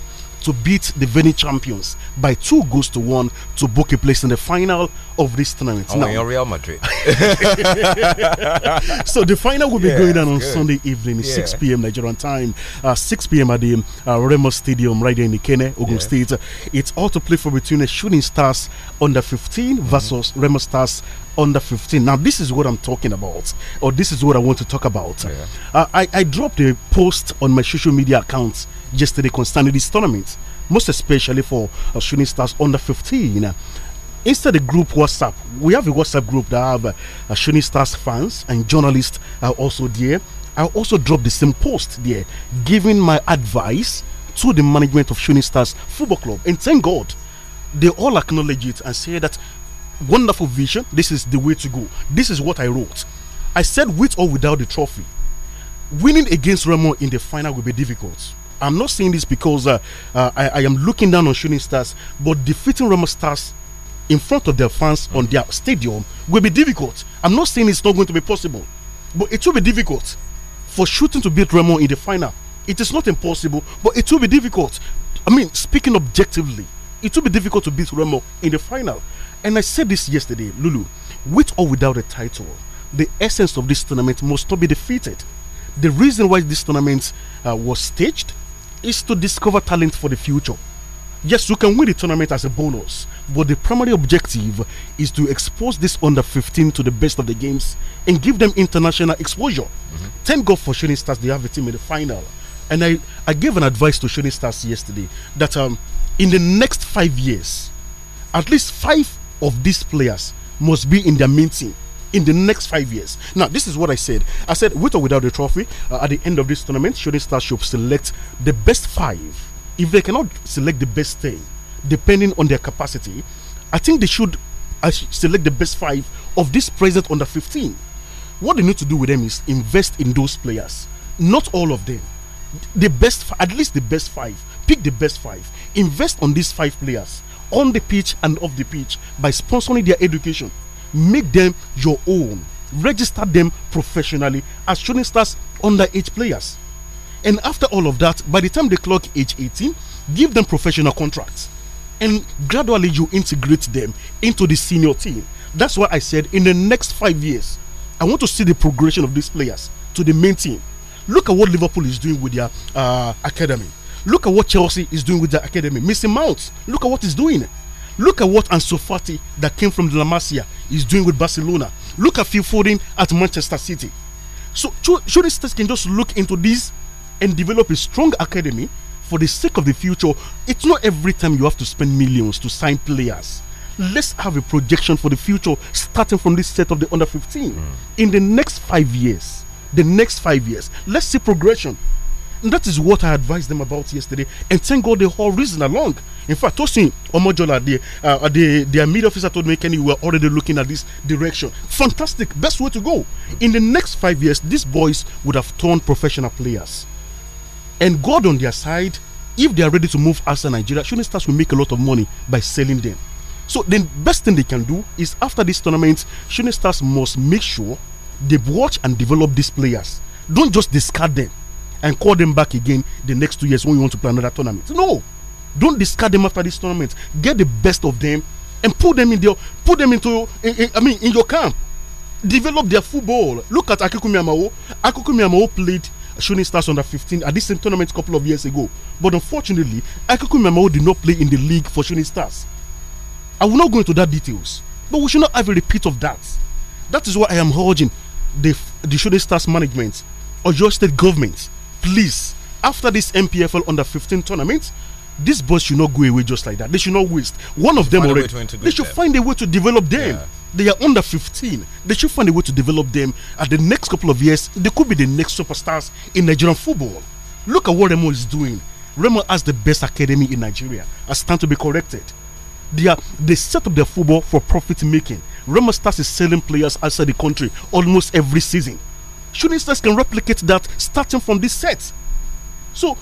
to beat the Venice champions by two goals to one to book a place in the final of this tournament. Oh, now, Real Madrid. *laughs* so the final will be yeah, going on on good. Sunday evening, yeah. 6 p.m. Nigerian time, uh, 6 p.m. at the uh, Remo Stadium right there in Ikene, Ogun yeah. State. It's all to play for between the Shooting Stars under 15 mm -hmm. versus Remo Stars under 15. Now, this is what I'm talking about, or this is what I want to talk about. Yeah. Uh, I, I dropped a post on my social media accounts yesterday concerning this tournament, most especially for uh, shooting stars under 15 instead the group WhatsApp, we have a WhatsApp group that have uh, Shooting Stars fans and journalists are also there. I also dropped the same post there, giving my advice to the management of Shooting Stars Football Club. And thank God, they all acknowledge it and say that wonderful vision. This is the way to go. This is what I wrote. I said, with or without the trophy, winning against Remo in the final will be difficult. I'm not saying this because uh, uh, I, I, am looking down on shooting stars, but defeating Remo stars in front of their fans on their stadium will be difficult. I'm not saying it's not going to be possible, but it will be difficult for shooting to beat Remo in the final. It is not impossible, but it will be difficult. I mean, speaking objectively, it will be difficult to beat Remo in the final. And I said this yesterday, Lulu, with or without a title, the essence of this tournament must not be defeated. The reason why this tournament uh, was staged is to discover talent for the future. Yes, you can win the tournament as a bonus, but the primary objective is to expose this under 15 to the best of the games and give them international exposure. Mm -hmm. Thank God for Shooting Stars, they have a team in the final. And I, I gave an advice to Shooting Stars yesterday that um, in the next five years, at least five of these players must be in their meeting in the next five years. Now, this is what I said. I said, with or without the trophy, uh, at the end of this tournament, Shooting Stars should select the best five. If they cannot select the best ten, depending on their capacity, I think they should uh, select the best five of this present under 15. What they need to do with them is invest in those players. Not all of them. The best, at least the best five. Pick the best five. Invest on these five players on the pitch and off the pitch by sponsoring their education. Make them your own. Register them professionally as shooting stars underage players. And after all of that, by the time they clock age 18, give them professional contracts. And gradually you integrate them into the senior team. That's why I said in the next five years, I want to see the progression of these players to the main team. Look at what Liverpool is doing with their uh, academy Look at what Chelsea is doing with the academy. Missing Mount. Look at what he's doing. Look at what Ansu Fati that came from La Masia is doing with Barcelona. Look at Phil Foden at Manchester City. So Shooting states can just look into this and develop a strong academy for the sake of the future. It's not every time you have to spend millions to sign players. Let's have a projection for the future starting from this set of the under 15. Mm. In the next five years, the next five years, let's see progression and that is what I advised them about yesterday. And thank God they all reason along. In fact, Tosin Omojola, the, uh, the, their media officer told me, Kenny, we are already looking at this direction. Fantastic. Best way to go. In the next five years, these boys would have turned professional players. And God on their side, if they are ready to move a Nigeria, shooting will make a lot of money by selling them. So the best thing they can do is after this tournament, shooting stars must make sure they watch and develop these players. Don't just discard them and call them back again the next two years when you want to play another tournament. No, don't discard them after this tournament. Get the best of them and put them in your put them into in, in, I mean in your camp. Develop their football. Look at Akikumi Amao. Akikumi Amao played Shooting Stars under 15 at this same tournament a couple of years ago. But unfortunately, Akikumi Amao did not play in the league for Shooting Stars. I will not go into that details, but we should not have a repeat of that. That is why I am urging the the Shooting Stars management or your state government please, after this MPFL under 15 tournament, these boys should not go away just like that. They should not waste. One of them already. They should them. find a way to develop them. Yeah. They are under 15. They should find a way to develop them. At the next couple of years, they could be the next superstars in Nigerian football. Look at what Remo is doing. Remo has the best academy in Nigeria. I stand to be corrected. They are they set up their football for profit making. Remo starts selling players outside the country almost every season shooting stars can replicate that starting from this set. So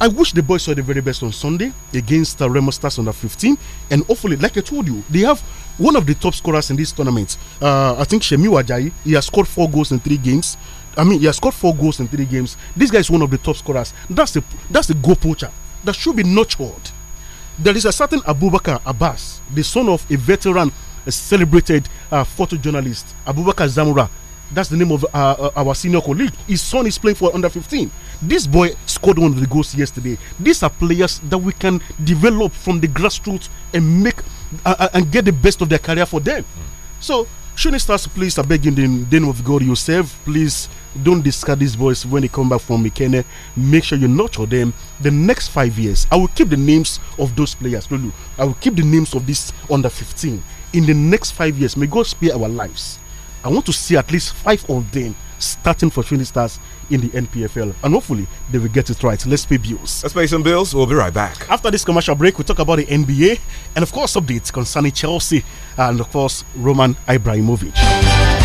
I wish the boys saw the very best on Sunday against the uh, Remo Stars under 15. And hopefully, like I told you, they have one of the top scorers in this tournament. Uh, I think Shemi Ajayi, he has scored four goals in three games. I mean, he has scored four goals in three games. This guy is one of the top scorers. That's a, that's the goal poacher that should be nurtured. There is a certain Abubakar Abbas, the son of a veteran, a celebrated uh, photojournalist, Abubakar Zamora. That's the name of uh, uh, our senior colleague. His son is playing for under 15. This boy scored one of the goals yesterday. These are players that we can develop from the grassroots and make uh, uh and get the best of their career for them. Mm. So, not Stars, please, I beg you, in the name of God, yourself, please don't discard these boys when they come back from Mikene. Make sure you nurture them the next five years. I will keep the names of those players, Lulu. I will keep the names of this under 15. In the next five years, may God spare our lives I want to see at least five of them starting for Trinity Stars in the NPFL. And hopefully they will get it right. Let's pay bills. Let's pay some bills. We'll be right back. After this commercial break, we'll talk about the NBA and, of course, updates concerning Chelsea and, of course, Roman Ibrahimovic.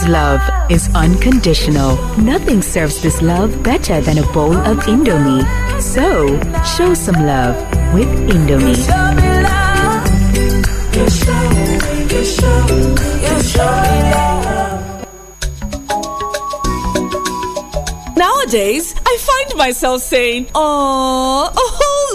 His love is unconditional. Nothing serves this love better than a bowl of Indomie. So, show some love with Indomie. Nowadays, I find myself saying, oh, oh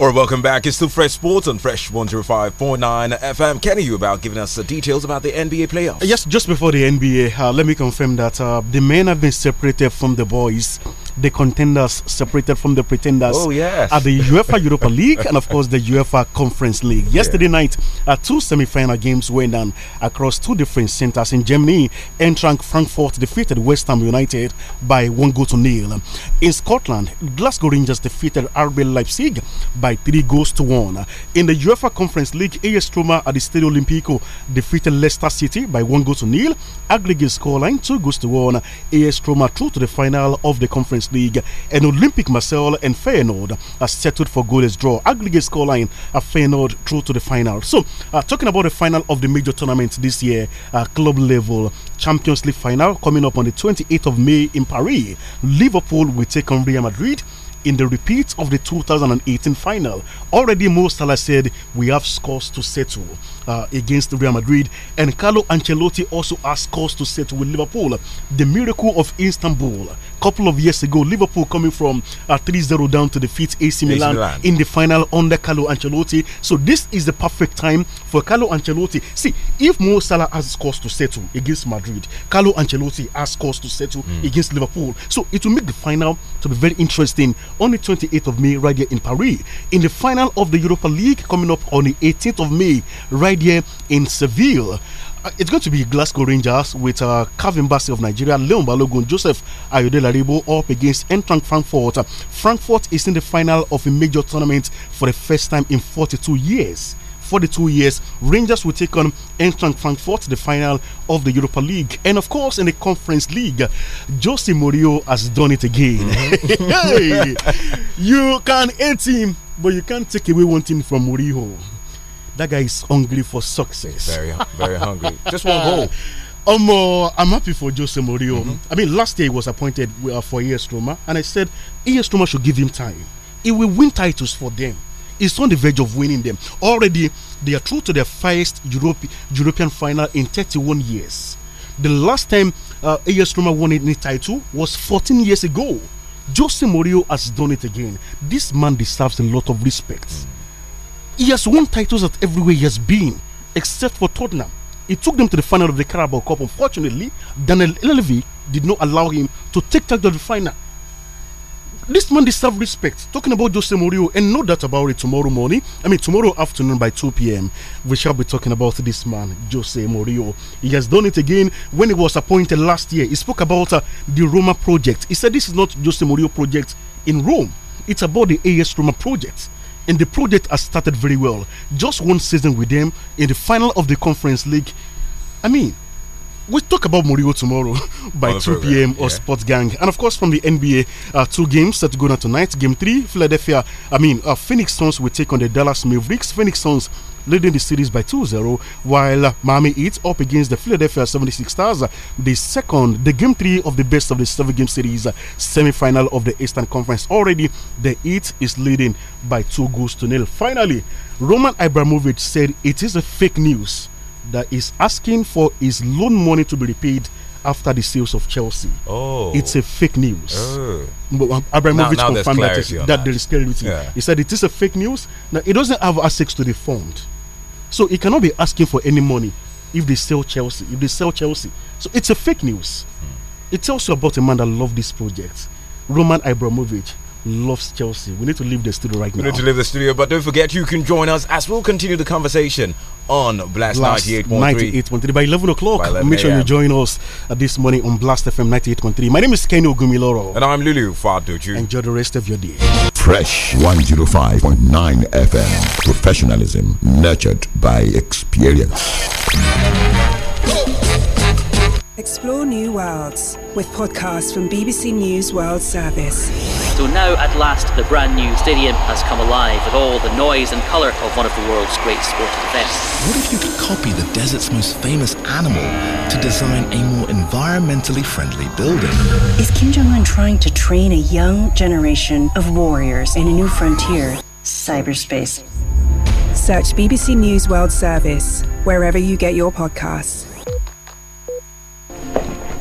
All right, welcome back. It's still Fresh Sports on Fresh 105.9 FM. Kenny, you about giving us the details about the NBA playoffs? Yes, just before the NBA, uh, let me confirm that uh, the men have been separated from the boys the contenders separated from the pretenders oh, yes. at the UEFA Europa League and, of course, the UEFA Conference League. Yesterday yeah. night, uh, two semi final games went on across two different centers in Germany. Eintracht Frankfurt defeated West Ham United by one goal to nil. In Scotland, Glasgow Rangers defeated RB Leipzig by three goals to one. In the UEFA Conference League, AS Roma at the Stadio Olimpico defeated Leicester City by one goal to nil. Aggregate scoreline two goals to one. AS Roma through to the final of the Conference League, and Olympic Marseille and Feyenoord are settled for goalless draw. Aggregate scoreline, uh, Feyenoord through to the final. So, uh, talking about the final of the major tournament this year, uh, club level Champions League final coming up on the 28th of May in Paris. Liverpool will take on Real Madrid in the repeat of the 2018 final. Already, Mo Salah said, We have scores to settle. Uh, against Real Madrid. And Carlo Ancelotti also has cause to settle with Liverpool. The miracle of Istanbul. A couple of years ago, Liverpool coming from 3-0 uh, down to defeat AC Milan, Milan, in the final under Carlo Ancelotti. So this is the perfect time for Carlo Ancelotti. See, if Mo Salah has cause to settle against Madrid, Carlo Ancelotti has cause to settle mm. against Liverpool. So it will make the final to be very interesting on the 28th of May right here in Paris. In the final of the Europa League coming up on the 18th of May right played here in Seville. Uh, it's going to be Glasgow Rangers with uh, Calvin Bassey of Nigeria, Leon Balogun, Joseph Ayodele Aribo up against Eintracht Frankfurt. Uh, Frankfurt is in the final of a major tournament for the first time in 42 years. 42 years. Rangers will take on Eintracht Frankfurt, the final of the Europa League. And of course, in the Conference League, Jose Mourinho has done it again. Mm -hmm. *laughs* hey, you can hate him, but you can't take away one thing from Mourinho. That guy is hungry for success. Very, very hungry. Just one goal. Um, *laughs* uh, I'm happy for Jose Mourinho. Mm -hmm. I mean, last year he was appointed uh, for ES Roma, and I said ES Roma should give him time. He will win titles for them. He's on the verge of winning them. Already, they are true to their first Europe, European final in 31 years. The last time uh, AS Roma won any title was 14 years ago. Jose Mourinho has done it again. This man deserves a lot of respect. Mm he has won titles at everywhere he has been, except for Tottenham. He took them to the final of the Carabao Cup. Unfortunately, Daniel Levy did not allow him to take charge of the final. This man deserves respect. Talking about Jose Mourinho, and no doubt about it, tomorrow morning, I mean, tomorrow afternoon by 2 p.m., we shall be talking about this man, Jose Mourinho. He has done it again when he was appointed last year. He spoke about uh, the Roma project. He said this is not Jose Mourinho project in Rome. It's about the AS Roma project and the project has started very well. Just one season with them in the final of the Conference League. I mean, we'll talk about Murillo tomorrow *laughs* by 2 p.m. Yeah. or Gang. And of course, from the NBA, uh, two games that go on tonight. Game three, Philadelphia, I mean, uh, Phoenix Suns will take on the Dallas Mavericks. Phoenix Suns leading the series by 2-0, while Miami Heat up against the Philadelphia 76ers, the second, the game three of the best of the seven-game series semi-final of the Eastern Conference. Already, the Heat is leading by two goals to nil. Finally, Roman Abramovich said it is a fake news that is asking for his loan money to be repaid after the sales of Chelsea. Oh, it's a fake news. Oh. Um, Abramovich now, now confirmed that, that, that there is clarity. Yeah. He said it is a fake news. Now, it doesn't have access to the fund. So he cannot be asking for any money if they sell Chelsea. If they sell Chelsea, so it's a fake news. Mm. It tells you about a man that loved this project, Roman Abramovich loves Chelsea. We need to leave the studio right we now. We need to leave the studio, but don't forget you can join us as we'll continue the conversation on Blast, Blast 98.3. 98.3 by 11 o'clock. Make sure you join us uh, this morning on Blast FM 98.3. My name is Kenny Ogumiloro. And I'm Lulu Fadoju. Enjoy the rest of your day. Fresh 105.9 FM. Professionalism nurtured by experience explore new worlds with podcasts from BBC News World Service. So now, at last, the brand new stadium has come alive with all the noise and colour of one of the world's great sporting events. What if you could copy the desert's most famous animal to design a more environmentally friendly building? Is Kim Jong un trying to train a young generation of warriors in a new frontier, cyberspace? Search BBC News World Service wherever you get your podcasts.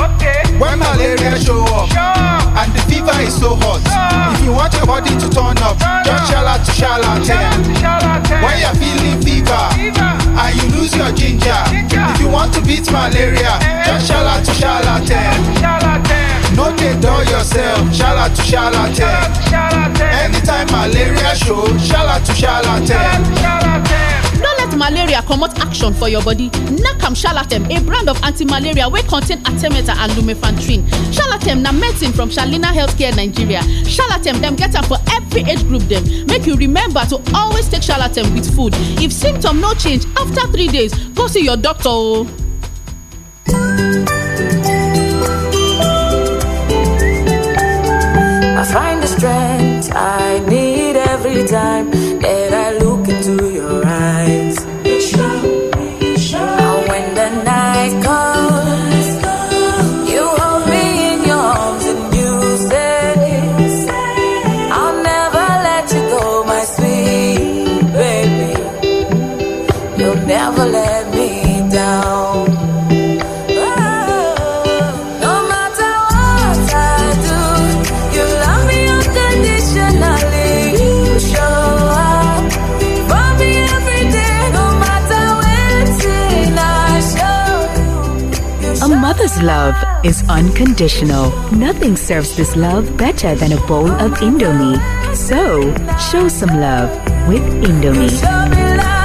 Okay. When malaria show up, show and the fever is so hot, oh. if you want your body to turn up, turn just out to shala ten. When you're feeling fever, fever, and you lose your ginger, ginger, if you want to beat malaria, eh. just out to shala ten. No they dull yourself, out to shala ten. Anytime malaria show, shout out to shala ten let malaria comot action for your body nakam shalatem a brand of anti-malaria will contain artemata and lumefantrine shalatem na medicine from shalina healthcare nigeria shalatem them get up for every age group them. make you remember to always take shalatem with food if symptom no change after three days go see your doctor oh. I find the strength I need every time love is unconditional. Nothing serves this love better than a bowl of Indomie. So, show some love with Indomie.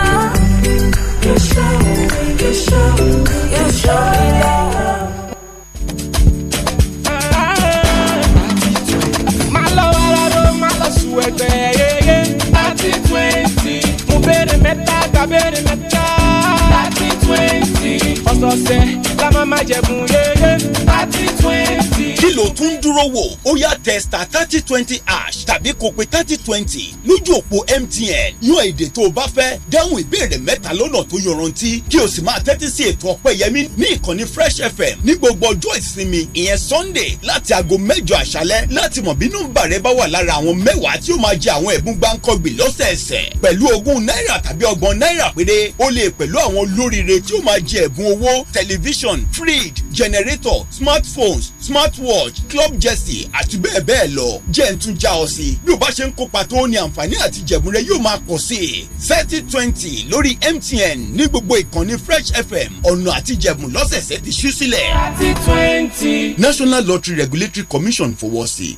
thirty twenty ash tàbí kó pe thirty twenty lójú òpó MTN yan èdè tó o bá fẹ́ dáhùn ìbéèrè mẹ́ta lọ́nà tó yọrantí kí o sì máa tẹ́tí sí ètò ọpẹ́yẹmí ní ìkànnì Fresh FM ní gbogbo ọjọ́ ìsinmi ìyẹn Sunday láti aago mẹ́jọ àṣálẹ́ láti mọ̀ bí nọ́mbà rẹ bá wà lára àwọn mẹ́wàá tí ó máa jẹ àwọn ẹ̀bùn gbáǹkọ́gbì lọ́sẹ̀ẹsẹ̀ pẹ̀lú ogún náírà tàbí ọgbọ̀n náírà péré o lè pẹ̀lú àwọn olóríire tí ó máa jẹ ẹ̀bùn owó tẹlifíṣàn fridge generator smartphones smartwatch club jersey àti bẹ́ẹ̀ bẹ́ẹ̀ lọ jẹ́ ń tún já ọ sí bí o bá ṣe ń kópa tó ní àǹfààní àti jẹ̀bùn rẹ yóò máa pọ̀ sí i thirty twenty lórí MTN ní gbogbo ìkànnì Fresh FM ọ̀nà àti jẹ̀bùn lọ́sẹ̀ẹ̀sẹ̀ ti ṣú sílẹ̀. thirty twenty. National Lottery Regulatory Commission fowọ́ sí i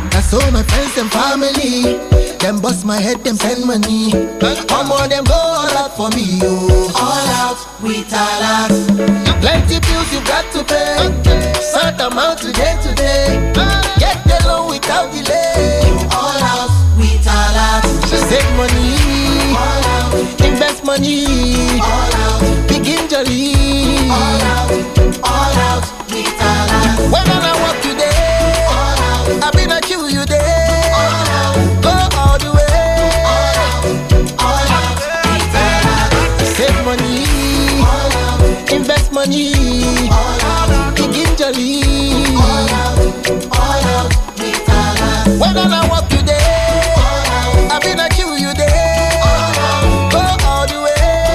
that's so my friends and family. Them bust my head, them send money. All more them go all out for me, yo. All out we all out. Plenty bills you got to pay. Okay. amount today, today. Get the loan without delay. All out we all out. Save money. All out. Invest money. All out. Big injury. All out. All out we all out. When I money. Big injury. Whether I walk today, I have been a kill you day. Go all the way.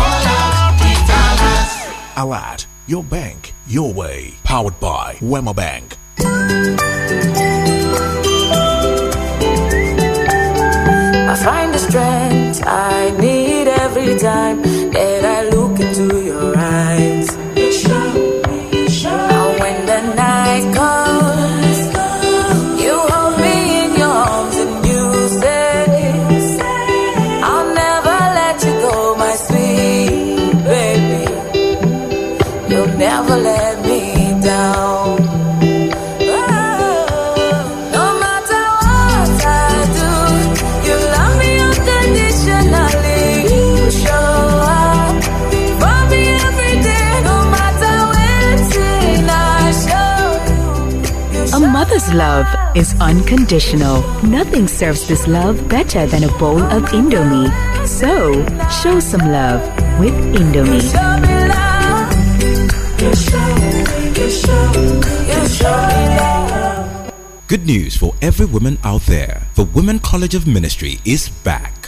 All all out, out, Arad, your bank, your way. Powered by Wema Bank. I find the strength I need every time love is unconditional. Nothing serves this love better than a bowl of Indomie. So, show some love with Indomie. Good news for every woman out there. The Women College of Ministry is back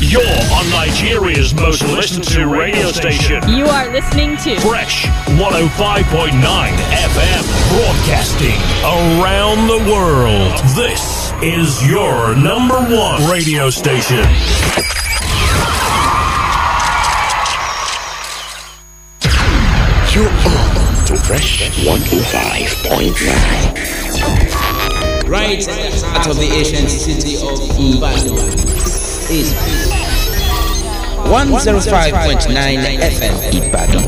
You're on Nigeria's most listened to radio station. You are listening to Fresh 105.9 FM, broadcasting around the world. This is your number one radio station. You are on to Fresh 105.9. Right out of the ancient city of Ibadan is 105.9 FM Ibadan.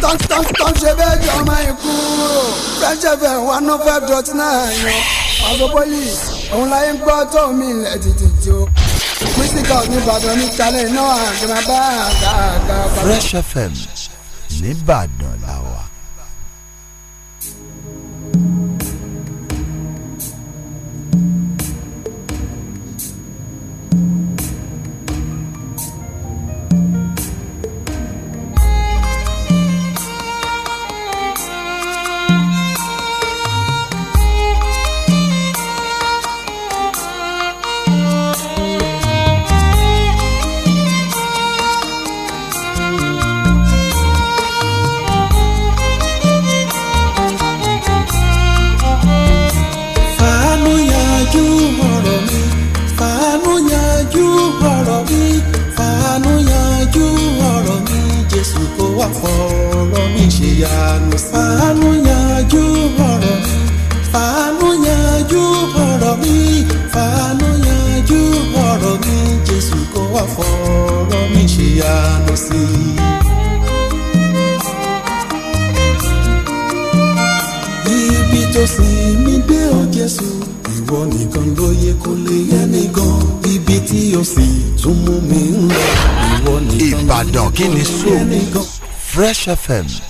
tọ́ntọ́ntọ́n ṣe bẹ́ẹ̀ jọ ọmọ ikú rò Fresh FM one oh five dot nine yan ọ̀gọ́bọ́lì òun láyé ń gbọ́ tó mi ilẹ̀ tètè jó mísíkà oníbàdàn ní kalẹ̀ náà àgbà bá àgbà àgbà. Fresh FM nìbàdàn làwà. FM.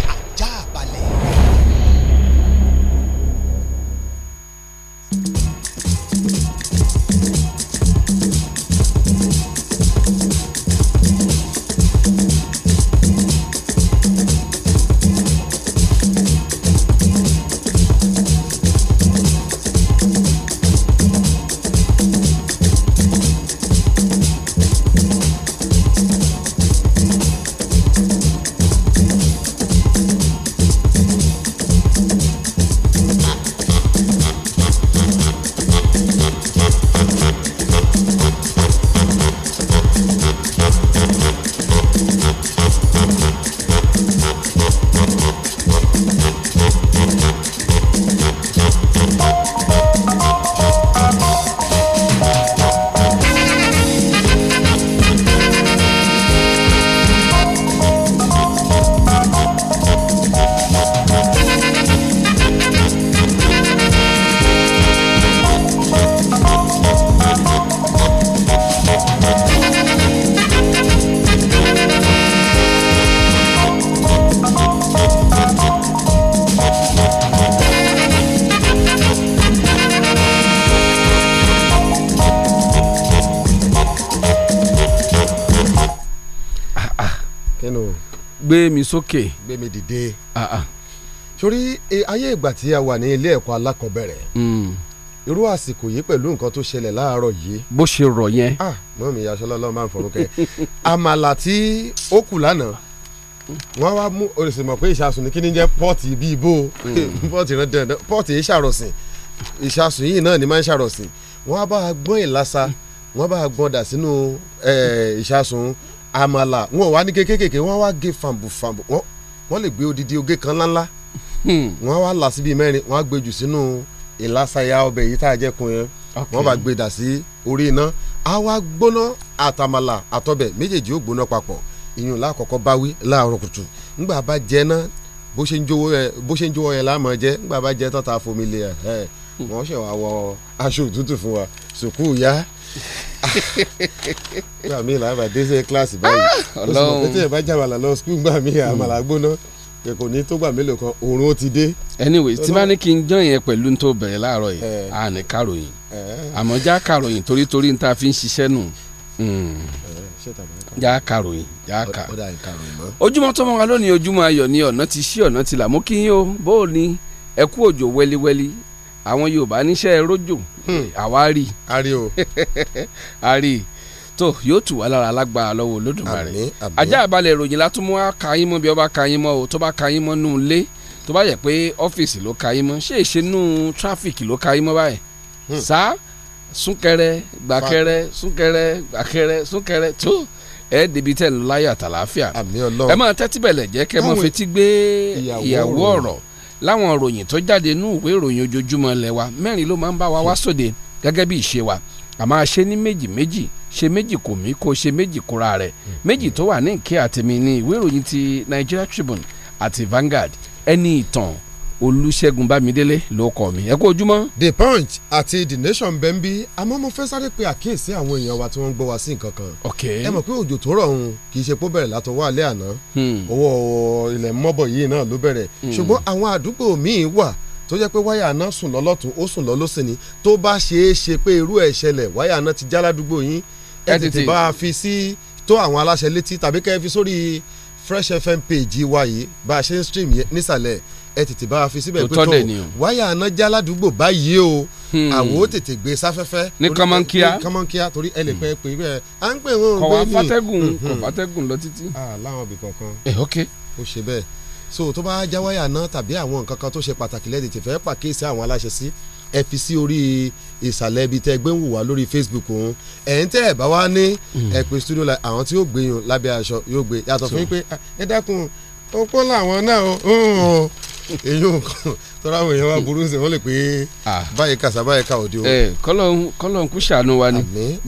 Ok, gbé mi dìde. Ah, ah. sórí e, ayé ìgbà tí a wà ní ilé ẹ̀kọ́ alákọ̀ọ́bẹ̀rẹ̀ hmm. irú àsìkò yìí pẹ̀lú nǹkan tó ṣẹlẹ̀ láàárọ̀ yìí. bó ṣe rọ̀ yẹn. ah mọ mi aṣọ lọ́lọ́ máa ń fọ̀rọ̀ kẹ́ àmàlà tí ó kù lánàá wọ́n wá mú oríṣi mọ̀ pé ìṣàsùn ní kí ni jẹ́ pọ́ọ̀tì bíi bó hmm. *laughs* pọ́ọ̀tì rẹ̀ dandan pọ́ọ̀tì yìí ṣàròsìn ìṣàsùn yìí náà ni máa ń ṣàròsìn wọ́n bá gbọ́n ìlasa wọ́n bá gbọ́n dà sínú ìṣàsùn àmàlà wọn ò wá ní kékèké wọn wá gé fàǹbù fàǹbù wọn lè gbé odidi oge kan ńláńlá hmm. wọn wá là síbi mẹ́rin wọn á gbé jù sínú ìlàsàyà ọbẹ̀ yìí tá a jẹ́ kun yẹn wọn bá gbé dà sí orí iná á wá gbóná àtàmàlà àtọbẹ̀ méjèèjì ó gbóná papọ̀ ìyún lákọ̀ọ́kọ́ báwí láàárọ̀ kùtù ńgbà bá jẹ náà bó ṣe ń jówó yẹn bó ṣe ń jówó yẹn láàmú jẹ ńgbà bá jẹ tán ta fomi lé ẹ hmm. wọn ṣe wá wọ aṣọ òtútù fún wa sùkúù yá gbà mí làbà déṣe kíláàsì báyìí ah, Ọlọ́run pété ẹ bá jàbàlà lọ skul gbà mí hmm. àmàlà gbóná kò ní tó gbà mélòó kan oorun ti dé. anyway tí bá ní kí n jọyìn yẹn pẹ̀lú tó bẹ̀rẹ̀ láàárọ̀ yìí eh. a ní kàròyìn eh. àmọ́ já kàròyìn torí torí n ta fi ń ṣiṣẹ́ nù hmm. eh, já kàròyìn já kà. ojúmọ́ tó mọ́ wa lónìí ojúmọ́ ayọ̀ ni ọ̀nà ti ṣí ọ̀nà ti là mú kí yín o bó o ní ẹ kú òjò wẹ́líwẹ́lí àwọn yorùbá níṣẹ́ rójò hmm. àwárí àrí o àrí *laughs* tó yóò tù wá lára alágbára lọ́wọ́ olódùmarè ajá àbálẹ̀ ìròyìn látúmọ̀ àkàyín mọ́ bí ọba kàyín mọ́ o tó bá kàyín mọ́ nù lé tó bá yẹ pé ọ́fíìsì ló kàyín mọ́ ṣé ìṣẹ́nu tráfíkì ló kàyín mọ́ báyìí hmm. sá súnkẹrẹ gbàkẹrẹ súnkẹrẹ gbàkẹrẹ súnkẹrẹ tó ẹ débi tẹ ń láyà tàlàáfíà ẹ máa tẹ́tí bẹ̀lẹ̀ jẹ́ kẹ́ mọ́ fetí gbé ìyàwó ọ̀rọ̀ láwọn ìròyìn tó jáde nínú ìwé ìròyìn ojoojúmọ́ ilẹ̀ wa mẹ́rin ló máa ń bá wa wá sóde gẹ́gẹ́ bí ìṣe wa àmọ́ a ṣe ní méjì méjì ṣe méjì kò mí kó ṣe méjì kóra rẹ̀ méjì tó wà ní ìké àtẹ̀mí ní ìwé ìròyìn ti Nigeria Tribune àti Vanguard ẹni ìtàn olùṣègùn bámidélé ló kọ mi ẹ kú ojúmọ́. the punch àti the nation bẹ́ńbí àmọ́ mo fẹ́ sáré pé àkíyèsí àwọn èèyàn wa tí wọ́n ń gbọ́ wa sí nǹkan kan. ok ẹ mọ̀ pé òjò tó rọ̀ ọ̀hún kì í ṣe pé ó bẹ̀rẹ̀ látọwọ́ alẹ́ àná owó hmm. ilẹ̀ mọ́bọ̀ yìí náà ló bẹ̀rẹ̀ hmm. ṣùgbọ́n àwọn àdúgbò míì wà tó jẹ́ pé wáyà náà sùn lọ́lọ́tún ó sùn lọ́lọ́sìn ni tó bá ṣeé ṣe pé irú ẹ̀ ṣẹlẹ̀ Fresh FM page wa yìí bá a ṣe ẹ tètè bá wa fi síbẹ̀ pé tó wáyà àná já ládùúgbò báyìí o hmm. àwo tètè gbé sáfẹ́fẹ́ ní kọ́mọ́nkíá kọ́mọ́nkíá torí ẹ lè pẹ́ hmm. pé bẹ́ẹ̀ à ń pè wọ́n gbé ní kọ̀wá fàtẹ́gùn hmm, kọ̀ fàtẹ́gùn lọ títí. láwọn ibì kankan eh, ó ṣe bẹ́ẹ̀ so tó bá já wáyà náà tàbí àwọn nǹkan kan tó ṣe pàtàkì lẹ́dìí tìfẹ́ pàkíyèsí àwọn aláṣẹ sí ẹ fi sí orí ìsàlẹ̀ ibi tẹ́ gbé ń wò wá lórí Facebook òun ẹ̀ ń tẹ́ ẹ̀ bá wá ní ẹ̀ pé studio la àwọn tí yóò gbé yun lábẹ́ aṣọ yóò gbé yàtọ̀ fún yín pé ah, ẹ dákun okó làwọn náà o èyí ò kọ́ tọ́ra àwọn èèyàn wa burú sí wọ́n lè pé báyìí kàṣà báyìí kà òde o. kọ́lọ́n kú ṣàánú wa ni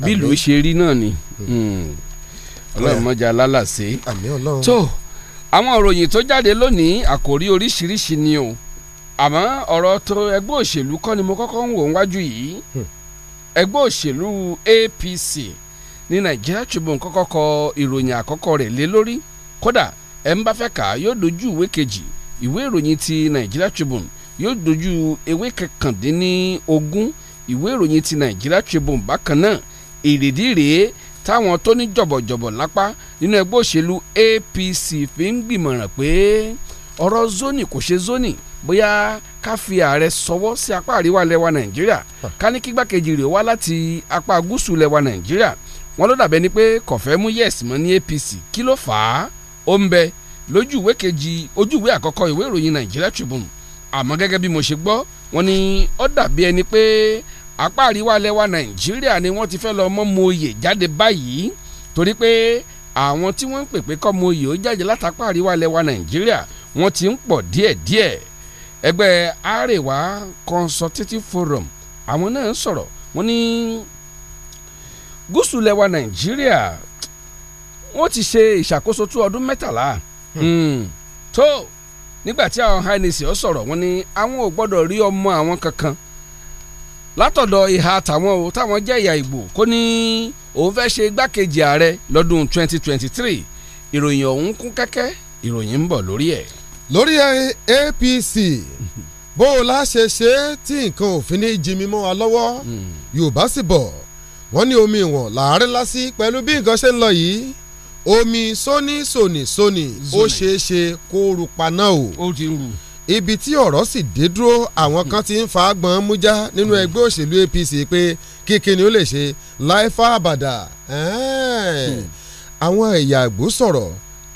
bílù ṣe rí náà ni hmm. Hmm. ọlọ́run mọ́jà lálàsé tó àwọn òròyìn tó jáde lónìí àkòrí oríṣiríṣi ni o àmọ́ ọ̀rọ̀ tó ẹgbẹ́ òṣèlú kọ́ ni mo kọ́kọ́ ń wò wájú yìí hmm. ẹgbẹ́ òṣèlú APC ní Nàìjíríà Tribune kọ́kọ́ kọ ìròyìn àkọ́kọ́ rẹ̀ lé lórí kódà ẹ̀ ń bá fẹ́ kà á yóò dojú ìwé kejì ìwé ìròyìn ti Nigeria Tribune yóò dojú ewé kẹkàndínní ogún ìwé ìròyìn ti Nigeria Tribune bákan náà èrèdí rèé táwọn tó ní jọ̀bọ̀jọ̀bọ̀ lápá nínú ẹgbẹ́ òṣèlú APC fi ń gbìmọ̀ràn pé ọ̀rọ̀ zoni kò ṣe zoni bóyá ká fi ààrẹ sọwọ́ sí apá àríwá lẹwa Nàìjíríà ká ní kígbákejì rẹ̀ wá láti apá gúúsù lẹwa Nàìjíríà wọ́n ló dàbẹ́ ni pé kò mú yes mọ́ ní APC kí ló fà á ó ń bẹ lójú ìwé kejì ojú ìwé àkọ́kọ́ ìwé ìròyìn Nigeria Tribune àmọ́ gẹ́gẹ́ bí mo ṣe gbọ́ wọ́n ní ó dàbí ẹni pé apá àríwá lẹ́wà Nàìjíríà ni wọ́n ti fẹ́ lọ mọ́ mòye jáde báyìí torí pé àwọn tí wọ́n ń pè pé kọ́ mòye ó jáde látàpá àríwá lẹ́wà Nàìjíríà wọ́n ti ń pọ̀ díẹ̀díẹ̀ ẹgbẹ́ Arewa Consultative Forum àwọn náà ń sọ̀rọ̀ wọ́n ní gúúsù lẹ́wà Nàìjíríà wọ́n ti ṣe ìṣàkóso tó ọdún mẹ́tàlá Hmm. tó nígbà tí àwọn highness ọ sọ̀rọ̀ wọn ni àwọn ò gbọ́dọ̀ rí ọmọ àwọn kankan látọ̀dọ̀ ìhà tàwọn o táwọn jẹ́ ìyá ìgbò kó ní òun fẹ́ ṣe igbákejì ààrẹ lọ́dún 2023 ìròyìn ọ̀hún kún kẹ́kẹ́ ìròyìn ń bọ̀ lórí ẹ̀. lórí APC bó o la ṣe ṣe tí nǹkan òfin ní jí mímọ́ wa lọ́wọ́ hmm. Yorùbá sì bọ̀ wọ́n ní omi ìwọ̀n làárẹ̀ lásì pẹ̀lú bí nǹkan ṣe ń lọ yìí omi sóní sóní sóní ó ṣeé ṣe kó rú paná o ó ti rú ibi tí ọ̀rọ̀ sì dé dúró àwọn kan ti ń fa agbọ̀n mújá nínú hmm. ẹgbẹ́ òṣèlú APC pé kíkíni ó lè ṣe láìfá àbàdà hmm. àwọn ẹ̀yà àgbò sọ̀rọ̀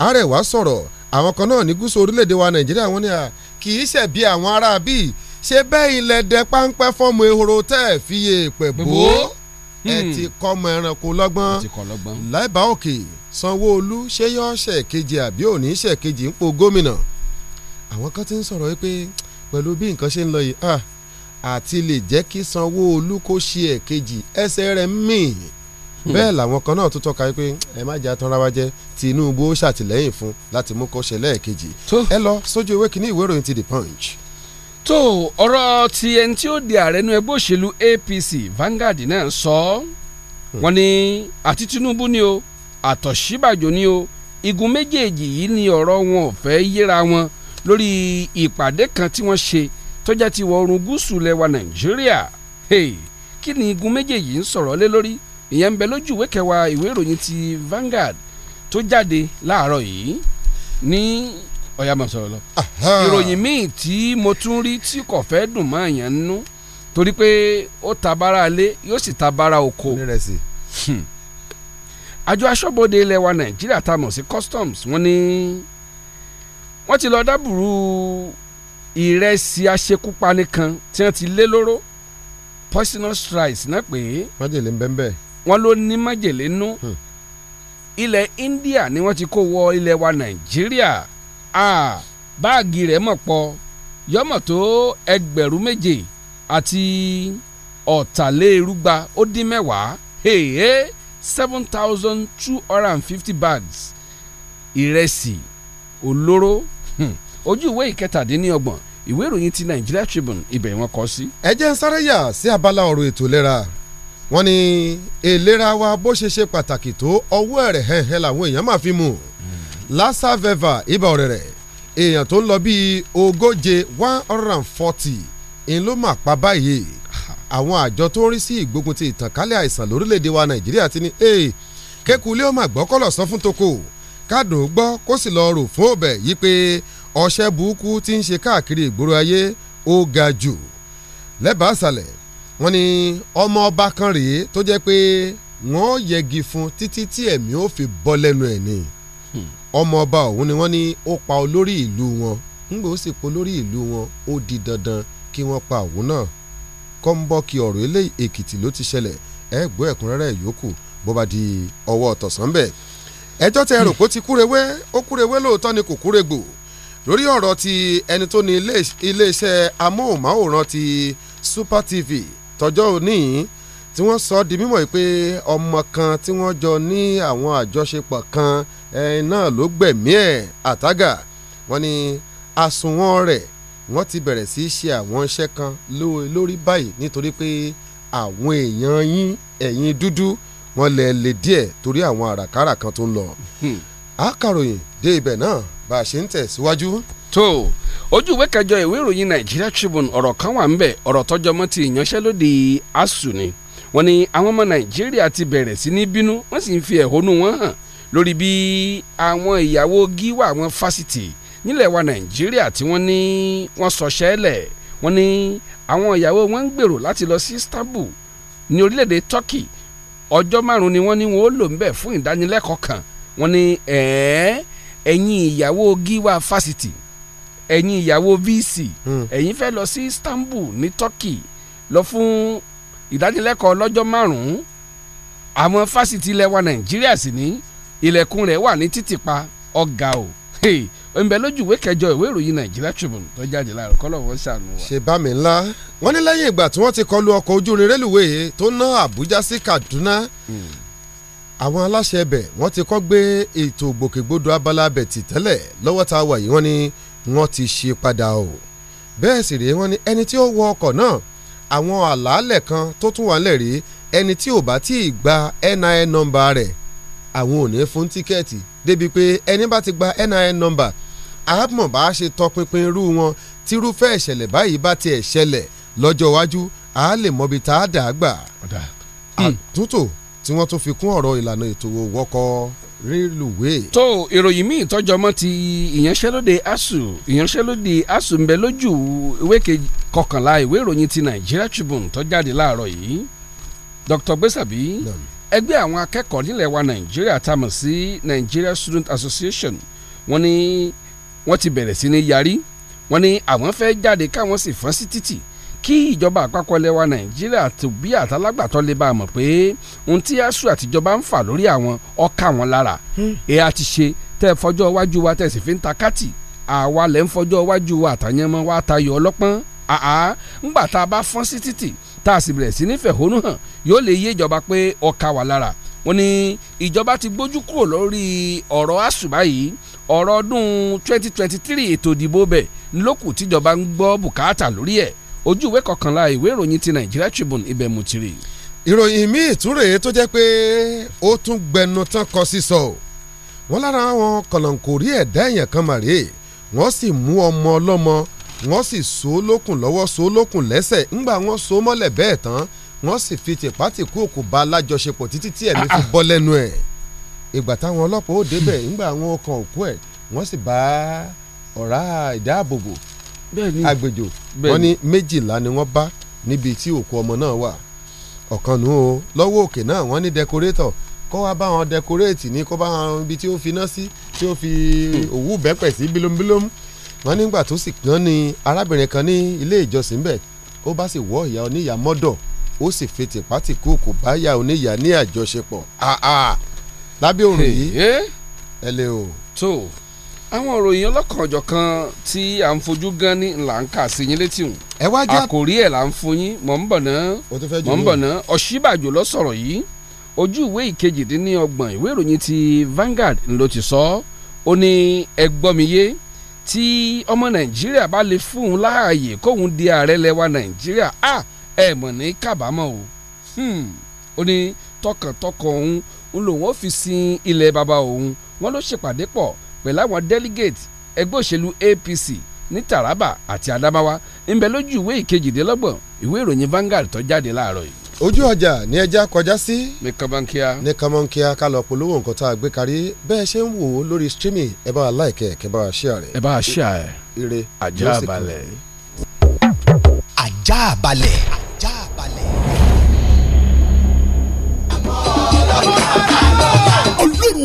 Arẹwà sọ̀rọ̀ àwọn kan náà ní gúúsù orílẹ̀‐èdè wa Nàìjíríà wọn ni kì í ṣẹ̀bi àwọn ará bíi ṣe bẹ́ẹ̀ ilẹ̀ dẹ páńpẹ́ fọ́ọ̀mù ehoro tẹ́ẹ̀ fiye pẹ̀ bó ẹ hmm. ti kọ́ ọmọ ẹranko lọ́gbọ́n láìbá òkè sanwó-olu ṣé yọ ṣèkejì àbí òní ṣèkejì ń po gómìnà àwọn kan ti ń sọ̀rọ̀ wípé pẹ̀lú bí nǹkan ṣe ń lọ yìí àti lè jẹ́ kí sanwó-olu kó ṣe èkejì ẹsẹ̀ rẹ̀ míì hmm. bẹ́ẹ̀ làwọn kan náà tó tọ́ka pé ẹ má jẹ́ atanra wa jẹ́ Tinubu ó ṣàtìlẹ́yìn fún láti mú kó ṣe lẹ́ẹ̀kejì ẹ lọ sójú ewé kínní ìwé ìròyìn ti The Punch tó ọ̀rọ̀ ti ẹni tí ó di ààrẹ nínú ẹgbẹ́ òṣèlú APC Vanguard náà sọ hmm. wọ́n ní àti Tinubu ni o àtọ̀síbàjò ni o igun méjèèjì yìí ni ọ̀rọ̀ wọn ò fẹ́ yéra wọn lórí ìpàdé kan tí wọ́n ṣe tó jẹ́ ti wọ̀ oòrùn gúúsù lẹwa Nàìjíríà kí ni igun méjèèjì ń sọ̀rọ̀ lé lórí ìyẹn ń bẹ lójú ìwé kẹwàá ìwé ìròyìn ti Vanguard tó jáde láàárọ̀ yìí ní ọ̀yá máa sọ̀rọ̀ lọ. ìròyìn míì tí mo tún rí tí kò fẹ́ dùn mọ́ àyàn nínú torí pé ó ta bára alé yóò sì ta bára oko. Hmm. àjọ aṣọ́bodè ilẹ̀ wa nàìjíríà ta mọ̀ sí customs wọ́n ní wọ́n ti lọ dábùrú ìrẹsì aṣekúpani kan tí wọ́n ti lé lóró poisonous rice náà pé. májèlé ń bẹ́ẹ̀ bẹ́ẹ̀. wọ́n ló ní májèlé nú. Hmm. ilẹ̀ India ni wọ́n ti kó wọ ilẹ̀ wa nàìjíríà báàgì rẹ̀ mọ̀ pọ̀ yọmọ̀ tó ẹgbẹ̀rún méje àti ọ̀tàlérúgba ó dín mẹ́wàá hèèhè seven thousand two hundred and fifty bags ìrẹsì olóró hmm. ojú ìwé ìkẹtàdínníọgbọ̀n ìwé ìròyìn ti Nigeria Tribune ibẹ̀ wọn kọ sí. ẹ jẹ́ ń sáré yà sí abala ọ̀rọ̀ ètò ìlera wọ́n ní ìlera wa bó ṣe ṣe pàtàkì tó ọwọ́ ẹ̀rẹ̀ hẹ̀hẹ̀ làwọn èèyàn máa fi mú un lassa veva ibà ọ̀rẹ̀rẹ̀ èèyàn tó ń lọ bíi ogóje one hundred and forty ń ló mà pa báyìí àwọn àjọ tó ń rí sí ìgbógun ti ìtànkálẹ̀ àìsàn lórílẹ̀‐èdè wa nàìjíríà ti ní ee kékulé ó mà gbọ́kọ́lọ̀ sọ fún toko kádùn gbọ́ kó sì lọ rò fún ọbẹ̀ yìí pé ọṣẹ́ burúkú ti ń ṣe káàkiri ìgboro ayé ó ga jù lẹ́bàá àṣàlẹ̀ wọ́n ní ọmọ ọba kan rèé tó jẹ́ pé wọ́n yẹgi fún títí tí ẹ̀mí ó fi bọ́ lẹ́nu ẹ̀ ni ọmọọba ọ̀hún ni wọ́n ní ó pa olórí ìlú wọn ńgbà ó sì pa olórí ìlú wọn ó di dandan kí wọ́n pa òun náà kọ́ńbọ́ọ̀kì ọ̀rọ̀ eléyìí èkìtì ló ti ṣẹlẹ̀ ẹ gbọ́ ẹ̀kúnrẹ́rẹ́ yòókù bó bá di ọwọ́ ọ̀tọ̀sán bẹ́ẹ̀ ẹjọ́ tẹ rò pé ti kúrewé ó kúrewé lóòótọ́ ni kò kúregbò lórí ọ̀rọ̀ ti ẹni tó ní iléeṣẹ́ amóhùnmáwòrán ti Super TV tọjọ́ òní tí wọ́n sọ di mímọ̀ pé ọmọ kan tí wọ́n jọ ní àwọn àjọṣepọ̀ kan ẹ̀ẹ́n náà ló gbẹ̀mí ẹ̀ àtàgà wọ́n ní àsùnwọ̀n rẹ̀ wọ́n ti bẹ̀rẹ̀ sí í ṣe àwọn iṣẹ́ kan lórí báyìí nítorí pé àwọn èèyàn yín ẹ̀yin dúdú wọ́n lẹ̀ lè díẹ̀ torí àwọn àràkàrà kan tó ń lọ. Hmm. akàròyìn dé ibẹ̀ náà bá a ṣe ń tẹ̀síwájú. tó ojú ìwé kẹjọ ìwé ìròyìn Nigeria Tribune ọ̀rọ̀ kan wà ń bẹ̀ ọ̀rọ̀ tọ́jọ́ mọ́ ti ìyanṣẹ́lódì ASUU ni wọ́n ní àwọn ọmọ Nàìjíríà ti bẹ̀rẹ̀ sí ní bínú wọ́n sì ń fi ẹ̀hónú wọn hàn lórí bí àwọn ìyàwó gíwà àwọn fásitì nílẹ̀ wa nàìjíríà tí wọ́n ní wọ́n sọ̀ṣẹ́ lẹ̀ wọ́n ní àwọn ìyàwó wọn ń gbèrò láti lọ sí Istanbul ní orílẹ̀-èdè Turkey ọjọ́ márùn-ún ni wọ́n ní wọ́n ó lò ń bẹ̀ fún ìdánilẹ́kọ̀ọ́ kan wọ́n ní ẹ̀ẹ́ ẹ̀yin ìyàwó gíwà fásitì ẹ̀yin ìyàwó VC hmm. ẹ̀yin fẹ́ lọ sí Istanbul ní Turkey lọ fún ìdánilẹ́kọ̀ọ́ lọ́jọ́ márùn-ún àwọn fásitì ilẹ̀ wa Nàìjíríà sì ní ilẹ̀kùn rẹ̀ wà ní títìpa ọ̀gá o ń bẹ lójú ìwé kẹjọ ìwé ìròyìn Nigeria Tribune tó jáde láàrọ̀ kọ́lọ̀ wọn ṣàánú wa. ṣe bá mi ńlá wọn ní lẹ́yìn ìgbà tí wọ́n ti kọlu ọkọ̀ ojú irin rélùwéè tó ná Àbújá sí Kaduna hmm. àwọn aláṣẹ ẹbẹ̀ wọ́n ti kọ́ gbé ètò gbòkègbodò abala abẹ tì tẹ́lẹ̀ lọ́wọ́ tá a wà yìí wọ́n ní wọ́n ti ṣe padà o bẹ́ẹ̀ sì rèé wọ́n ní ẹni tí ó wọ ọkọ̀ náà àwọn àlàálẹ̀ kan tó tún wà lẹ̀ ẹni tí ò bá tí ì gba NIN nọ́mbà rẹ̀ àwọn ò ní fún tíkẹ́ẹ̀tì débi pé ẹni bá ti gba NIN number àmọ́ bá a ṣe tọpinpin irú wọn tírúfẹ́ ìṣẹ̀lẹ̀ báyìí bá tiẹ̀ ṣẹlẹ̀ lọ́jọ́ iwájú a lè mọbi tá a dà á gbà. àtúntò tí wọ́n tún fi kún ọ̀rọ̀ ìlànà ètò wọkọ̀ rélùwé. tó ìròyìn míì tọ́jọ́ mọ́ ti ìyanṣẹ́lódì asuu ìyanṣẹ́lódì asuu ń bẹ lójú ìwé kọkànlá ìwé ìròyìn ti Nigeria Tribune tó jáde láàárọ̀ yìí Dr. Gbèsàbí. No ẹgbẹ́ àwọn akẹ́kọ̀ọ́ nílẹ̀ wa nàìjíríà tá a mọ̀ sí Nigeria Student Association wọ́n ní wọ́n ti bẹ̀rẹ̀ sí ní yarí wọ́n ní àwọn fẹ́ jáde káwọn sì fọ́n sí títì kí ìjọba àpapọ̀ ilẹ̀ wa nàìjíríà tó bí àtàlágbàtọ́ lè bá a mọ̀ pé ohun tí ASUU àtijọba ń fà lórí àwọn ọkà wọn lára hmm. ẹ a ti ṣe tẹ́ fọjọ́ iwájú wa tẹ̀sí fi ń ta kátì àwa lẹ́ ń fọjọ́ iwájú wa àtàyẹ̀mọ́ wa tayọ̀ ọlọ́pọ́n àá ńgbà tá a bá fọ́n sí títì tá a sì bẹ̀rẹ̀ sí ní fẹ̀hónú hàn yóò lè yé ìjọba pé ọkà wà lára wọn ni ìjọba ti gbójú kúrò lórí ọ̀rọ̀ àṣùbá yìí ọ̀rọ̀ ọdún 2023 ètò ìdìbò bẹ̀ lókù tíjọba ń gbọ́ bùkátà lórí ẹ̀ ojú ìwé kọkànlá ìwé ìròyìn ti Nigeria Tribune ibẹ̀ mo ti rí. ìròyìn míì tún rèé tó jẹ́ pé ó tún gbẹnu tán kọ sísọ wọn lára àwọn kọ̀lọ̀ǹkórí ẹ̀dá èèyàn kan màrè wọ́n sì mú ọmọ ọlọ́mọ wọ́n sì so lókùn lọ́wọ́ so lókùn lẹ́sẹ̀ ńgbà wọ́n so mọ́lẹ̀ bẹ́ẹ̀ tán wọ́n sì fi tìpátìkú òkú ba alájọṣepọ̀ títí tí ẹ̀mí fi bọ́ lẹ́nu ẹ̀ ìgbà táwọn ọlọ́pàá ó débẹ̀ ńgbà wọn kan òkú ẹ̀ wọ́n sì bá ọ̀rá ìdáàbòbò agbèjò wọ́n ní méjìlá ni wọ́n bá níbi tí òkú ọmọ náà wà ọ̀kan nù ó lọ́wọ́ òkè náà wọ́n ní dẹkorétọ̀ kó wá bá wọn dẹkoréètì ní kó bá wọn ibi tí ó fi sí tí ó fi òwú bẹ́pẹ̀ sí bílómbílóm wọ́n nígbà tó sì kàn ní arábìnrin kan ní ilé ìjọsìn bẹ́ẹ̀ ó bá sì wọ́ ìyá oníyà mọ́dọ̀ ó sì fi tìpátì kú kò bá ìyá oníyà ní àjọṣepọ̀ lábẹ́ òrùn yìí eh? ẹ lè o. tó àwọn òròyìn ọlọ́kànjọ̀ kan tí à ń fojú gan ni là ń kà sí yín létí hùn ẹ wá já àkòrí ẹ̀ là ń fún yín mọ̀ ń bọ̀ náà mọ̀ ń bọ̀ náà ọ̀ṣíbàjò ló sọ̀rọ̀ yìí ojú ìwé ìkejìdínlọ́gbọ̀n ìwé ìròyìn ti Vanguard ló ti sọ ó ní ẹgbọ́miyé e tí ọmọ nàìjíríà bá lè fún un láàyè kóun di ààrẹ lẹwa nàìjíríà a ẹ mọ̀ ní kábàámọ̀ o hmm, ó ní tọkàntọkàn òun ń lòun ó fi sin ilẹ̀ bàbá òun wọ́n ló ṣèpàdé pọ̀ pẹ̀lú àwọn delegate ẹgbẹ́ òṣèlú APC ní Taraba àti Adamawa ń bẹ lójú ìwé ìkejìdínlọ́gbọ̀n ìwé ìròyìn Vanguard tó jáde láàárọ̀ yìí ojú ọjà ní ẹja kọjá sí. ní kàmọ́nkíá. ní kàmọ́nkíá ká lọ polówó nǹkan tá a gbé kárí bẹ́ẹ̀ ṣe ń wò ó lórí streaming ẹ bá wa like ẹ bá wa share rẹ̀. ẹ bá wa share ẹ. ire ajá balẹ̀. ajá balẹ̀.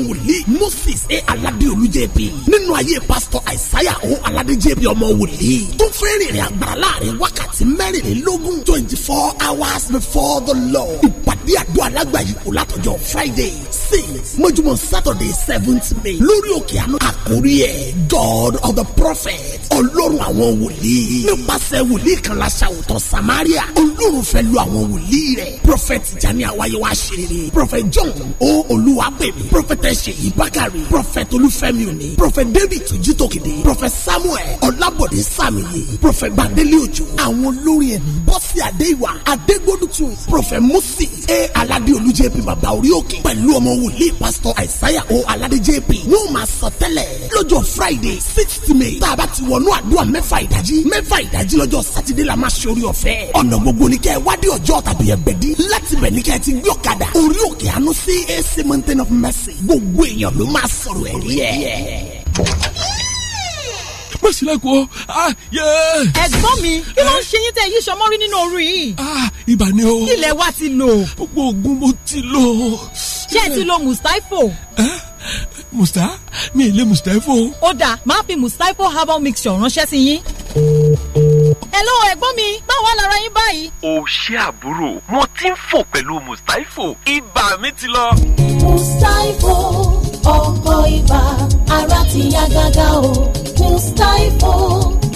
wòlíì moses e alade olùjẹ́bi nínú ayé pásítọ̀ àìsáyà o alade jẹ́bi ọmọ wòlíì tó fẹ́ rìnrìn agbára láàrin wákàtí mẹ́rìnlélógún twenty four hours before the lord ìpàdé àdó alágbà yìí kò látọjọ́ friday six mọ́júmọ́ saturday seventh may lórí òkè àná àkórí ẹ̀ god of the prophet ọlọ́run àwọn wòlíì nípasẹ̀ wòlíì kan la ṣàwùtọ̀ samaria ọlọ́run fẹ́ lu àwọn wòlíì rẹ̀ prophet jani awayewa ṣeré prophet john o olúwa pèmí prophet prophet ṣèyí bákàrẹ̀ prophet olúfẹ́mi òní prophet david ojútòkìdé prophet samuel ọlábọ̀dé sàmìyẹ prophet gbadélé òjò àwọn olórin ẹ̀mí bọ́sì adéwà adégbódùtù prophet musi e aládé olú jp bàbá orí òkè pẹ̀lú ọmọ wòlíì pastor àìsáyà o aládé jp wọ́n máa sọ tẹ́lẹ̀ lọ́jọ́ friday sixth may tá a bá ti wọnú àdúrà mẹ́fà ìdájí mẹ́fà ìdájí lọ́jọ́ sátidé la máa ṣe orí ọ̀fẹ́ ọ̀nà gbogbo ní kẹ́ ẹ wádìí ọjọ́ tàbí ẹgbẹ̀dí láti bẹ̀ ní kẹ́ ẹ ti gbé ọ̀kadà orí òkè àánú sí ac mountain of mercy g gbogbo èèyàn ló máa sọ̀rọ̀ ẹ̀rí ẹ̀ mọ̀sílẹ̀kọ. Ah, ẹ̀gbọ́n mi kí ló ń eh? ṣe yín tẹ́ yí sọmọ́rí nínú òru yìí. Ah, ibà ni o. ilẹ̀ wa ti lò. gbogbo oògùn mo ti lò. ṣé ẹ ti lo mustapho. Eh? musta mi ì mustaifo. mustapho. ó dáa máa fi mustapho herbal mixture ránṣẹ́ sí yín. Hello ẹ̀gbọ́n mi, báwo lára yín báyìí? Ó ṣé àbúrò, wọ́n ti ń fò pẹ̀lú Mustapho, ibà mi ti lọ. Mustapho, ọkọ̀ ibà, ara ti yá gágá o, Mustaifo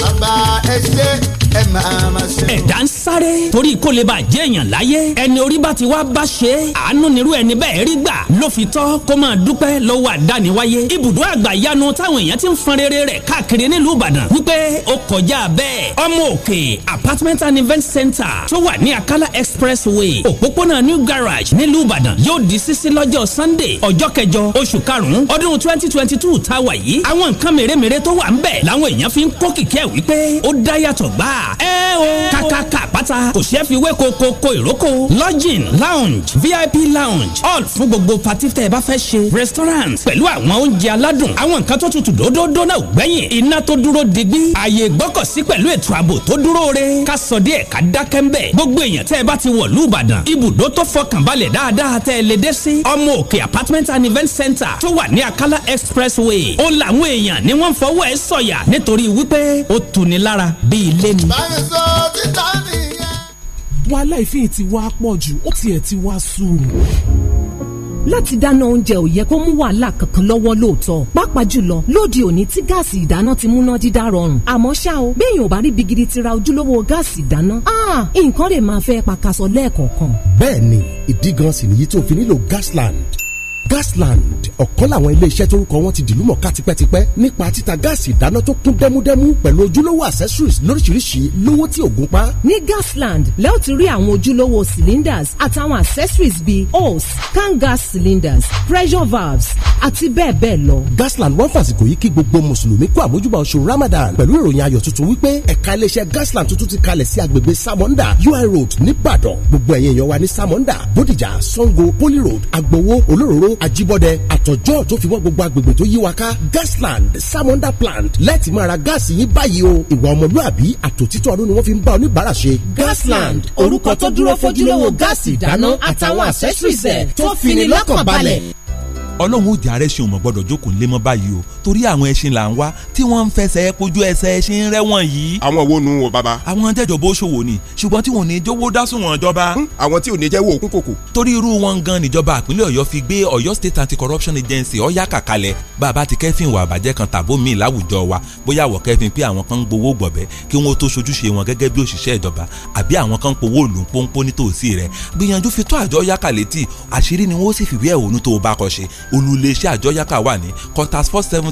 bàbá ẹ ṣe ẹ̀dá ń sáré torí kó lè bá jẹ́ èèyàn láyé ẹni orí bá ti wá bá ṣe é àánú nírú ẹni bẹ́ẹ̀ rí gbà ló fi tọ́ kó máa dúpẹ́ lọ́wọ́ àdániwáyé ibùdó àgbàyanu táwọn èèyàn ti ń fọn rere rẹ̀ káàkiri nílùú Ìbàdàn wípé ó kọjá bẹ́ẹ̀ ọmọ òkè apartment and event center tó wà ní Akala expressway òpópónà new garage nílùú Ìbàdàn yóò di ṣíṣí lọ́jọ́ Sunday ọjọ́ kẹjọ oṣù karùn-ún ọdún twenty twenty two tá a wà yìí àwọn nǹkan care wípé ó dá yàtọ̀ gbà ẹ o. kàkàkà pátá kò ṣeé fi wé kokoko ìrókò lodging lounge vip lounge hall fún gbogbo patí tẹ́ ẹ bá fẹ́ ṣe restaurant pẹ̀lú àwọn oúnjẹ aládùn àwọn nǹkan tó tutù dódódó náà gbẹ̀yìn iná tó dúró digbí ààyè ìgbọ́kọ̀sí pẹ̀lú ètò ààbò tó dúró re ká sọ díẹ̀ ká dákẹ́ ń bẹ̀ gbogbo èèyàn tẹ́ ẹ bá ti wọ̀ lú ìbàdàn ibùdó tó fọkànbalẹ̀ dáadáa tẹ́ ẹ lè dé sí ọmọ òkè apartment and event center tó wà ní akala expressway ó làwọn èèyàn ni wọ́n fọwọ́ ẹ sọ̀yà nítorí wípé pé ó tuni lára bí ilé ni. báyìí sọ títà nìyẹn. wàhálà ìfihìn ti wá pọ̀ jù ó tiẹ̀ ti wá sùúrù láti dáná oúnjẹ ò yẹ kó mú wàhálà kankan lọ́wọ́ lóòótọ́ pàápàá jùlọ lóde òní tí gáàsì ìdáná ti múná dídá rọrùn àmọ́ ṣá o béèyàn ò bá rí bigidi ti ra ojúlówó gáàsì ìdáná ah, nǹkan lè máa fẹ́ pakasọ lẹ́ẹ̀kọ̀ọ̀kan. bẹ́ẹ̀ni ìdí sì nìyí tó fi nílò Gasland Gasland ọ̀kan làwọn iléeṣẹ́ tórúkọ wọn ti dìlú mọ̀ká tipẹ́tipẹ́ nípa títa gáàsì ìdáná tó kún dẹ́múdẹ́mú pẹ̀lú ojúlówó accessories lóríṣiríṣi lówó tí ògùn pa. ní Gasland lẹ́ẹ̀ ti rí àwọn ojúlówó cylinders àtàwọn accessories bíi hose can gas cylinders pressure valves àti bẹ́ẹ̀ bẹ́ẹ̀ lọ. Gasland wọ́n fàsìkò yìí kí gbogbo mùsùlùmí kó àmójúbà oṣù Ramadan pẹ̀lú ìròyìn ayọ̀ tuntun wípé ẹ̀ka iléeṣẹ́ Gasland tuntun ti kalẹ̀ sí agbègbè Samonda UI road nìbàdàn gbogbo ẹ̀yin èèyàn wa ní Poly road Agbowo Olóróró Ajibode àtọ̀jọ́ tó fi wọ́ gbogbo agbègbè tó yí wa ká gasland samonda plant láti máa ra gáàsì yín báyìí o ìwà ọmọlúàbí àtòtítọ́ ọdún ni wọ́n fi ń bá oníbàárà ṣe. gasland orúkọ tó dúró fojúlówó gáàsì ìdáná àtàwọn accessories ẹ̀ tó fini lọ́kàn balẹ̀. ọlọ́run ó jẹ́ àrẹ́sìn òmò gbọ́dọ̀ jókòó ńlẹ́mọ́ báyìí o torí àwọn ẹṣin là ń wá tí wọ́n ń fẹsẹ̀ kojú ẹsẹ̀ ẹṣin rẹ́wọ̀n yìí. àwọn wo nu wo bàbá. àwọn jẹjọ bó ṣòwò ni ṣùgbọ́n tí wọn ò ní jówó dásùnwọ̀n ìjọba. àwọn tí ò ní jẹ́wọ́ òkú kòkò. torí irú wọn gan níjọba àpínlẹ̀ ọ̀yọ́ fi gbé ọ̀yọ́ state anti-corruption agency ọ̀yá kàkalẹ̀ bàbá ti kẹ́fìn wà bàjẹ́ kan tàbó mi láwùjọ wa bóyá wọ̀ kẹ́fìn pé àwọn kan ń gbowó gbọ̀bẹ́ kí wọ́n tó ṣojúṣe wọn gẹ́gẹ́ bí òṣìṣẹ́ ìjọba àbí àwọn kan ń powó lù ń pọ́npọ́ ni wọ́n sì o bá kọ ṣe olùléṣẹ́ àjọ yákà wà seven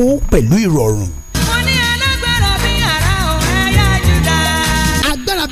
owó pẹ̀lú ìrọ̀rùn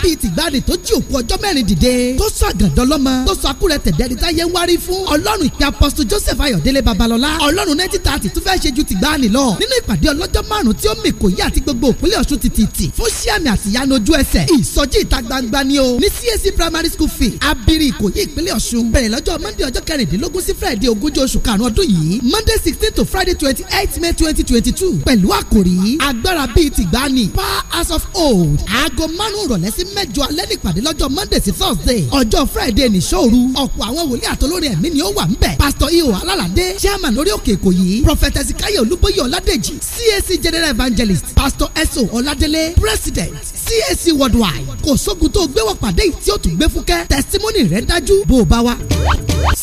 bíi tìgbàdì tó jí òkú ọjọ́ mẹ́rin dìde tó sọ àgàndọ́ lọ́mọ tó sọ akúrẹ́ tẹ̀dẹ́rì táyé ń wárí fún ọlọ́run ìpè apọ́sítù joseph ayọ̀délé babalọ́lá ọlọ́run nineteen thirty tún fẹ́ẹ́ ṣe ju tìgbàanì lọ nínú ìpàdé ọlọ́jọ́ márùn tí ó mì kò yí àti gbogbo òpínlẹ̀ ọ̀ṣun tìtìtì fún síàmì àtìyánu ojú ẹsẹ̀ ìsọjí ìta gbangba ni o ní CSC primary school fee abiri kò yí ìpínlẹ̀ ọ̀ṣun bẹ̀rẹ̀ lọ́jọ́ monday ọjọ́ kẹrìndínlógún sí friday ogúnjọ́ oṣù karùn-ún ọdún yìí monday sixteen to friday twenty eight may twenty twenty two pẹ̀lú àkòrí agbára bíi tìgbàanì power as of old aago márùn-ún ìrọ̀lẹ́ sí mẹ́jọ alẹ́ nípàdé lọ́jọ́ monday sí thursday ọjọ́ friday nìṣòro ọ̀pọ̀ àwọn wòlíì àtolórin ẹ̀mí ni ó wà ńbẹ̀ pastor iho alalade chairman lórí òkè èkó yìí prophet ezekiel olúbóyè ọládèjì cac general evangelist pastor eso ọládélé president cac worldwide kò sógun tó gbé wọ́n pàdé yìí tí ó tún gbé fúkẹ́ testimony rẹ̀ dájú bó o bá wá.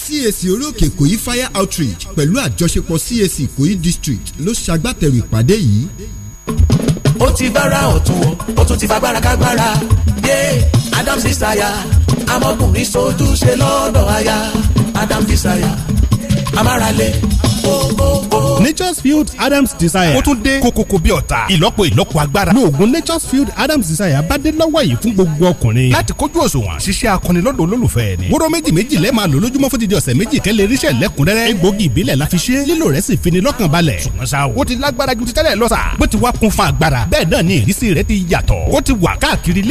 cac orí òkè èkó fire outreach pẹ̀lú àjọṣepọ̀ cac ìkòyí district ló ṣagbátẹrù ìpàdé yìí ti bára ọ̀tún o ó tún ti fagbára kágbára yé Adam Desire amọkùnrin sojú ṣe lọ́dọ̀ aya Adam Desire amárale nature's field adams desire. ó tún dé kókókó bí ọ̀tá ìlọ́po ìlọ́po agbára. lóògùn nature's field adams desire bá dé lọ́wọ́ yìí fún gbogbo ọkùnrin. láti kójú òṣùwọ̀n ṣiṣẹ́ akọni lọ́dọ̀ olólùfẹ́ ni. wóró méjì méjì lẹ́ẹ̀ máa lò lójúmọ́ fún dídí ọ̀sẹ̀ méjì kẹ́lẹ́ irísẹ́ lẹ́kùnrẹ́rẹ́. egbògi ìbílẹ̀ la fi ṣe lílò rẹ̀ sì fini lọ́kàn balẹ̀. ṣùgbọ́n sa o ti lágbára ju ti tẹ́lẹ̀ lọ sa. bó ti wá kún fún agbára bẹ́ẹ̀ náà ni ìrísí rẹ̀ ti yàtọ̀. ó ti wà káàkiri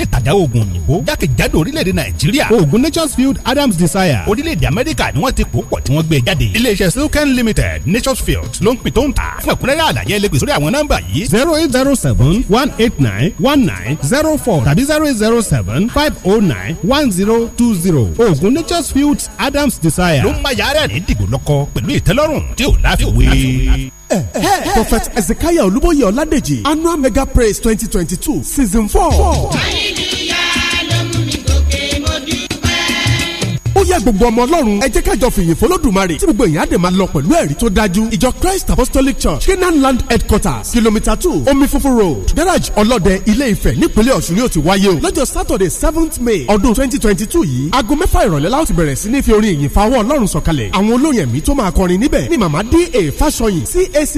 nature's field adams desire. orílẹ̀-èdè amẹ́ríkà ni wọ́n ti pòpọ̀ tí wọ́n gbé jáde. ilé iléeṣẹ́ silken limited nature's field ló ń pín tó ń tà fún ẹ̀kúnrẹ́rẹ́ àlàyé lè pè sórí àwọn nọ́mbà yìí zero eight zero seven one eight nine one nine zero four tàbí zero eight zero seven five oh nine one zero two zero oògùn nature's field adams desire. ló ń máa yára ní dìgbò lọ́kọ pẹ̀lú ìtẹ́lọ́rùn tí ò láfiwé. Eh, eh, eh, prophet ezekiah olúbóyè ọládèjì annual mega praise twenty twenty two season four. yẹ gbogbo ọmọ ọlọ́run ẹ jẹ́ kájọ fìyìn fọlọ́dùmarè tí gbogbo èèyàn á dè máa lọ pẹ̀lú ẹ̀rí tó dájú ìjọ Christ Apostolic Church Canaan Land Headquarters kìlómítà two omi funfun road garage ọlọ́dẹ ilé Ifẹ̀ nípínlẹ̀ Ọ̀ṣun yóò ti wáyé o lọ́jọ́ Saturday seventh May ọdún twenty twenty two yìí aago mẹ́fà ìrọ̀lẹ́ la ó ti bẹ̀rẹ̀ sí ní fi orin ìyìn fa ọwọ́ ọlọ́run sọ̀kalẹ̀ àwọn olóyìn ẹ̀mí tó máa kọrin níbẹ̀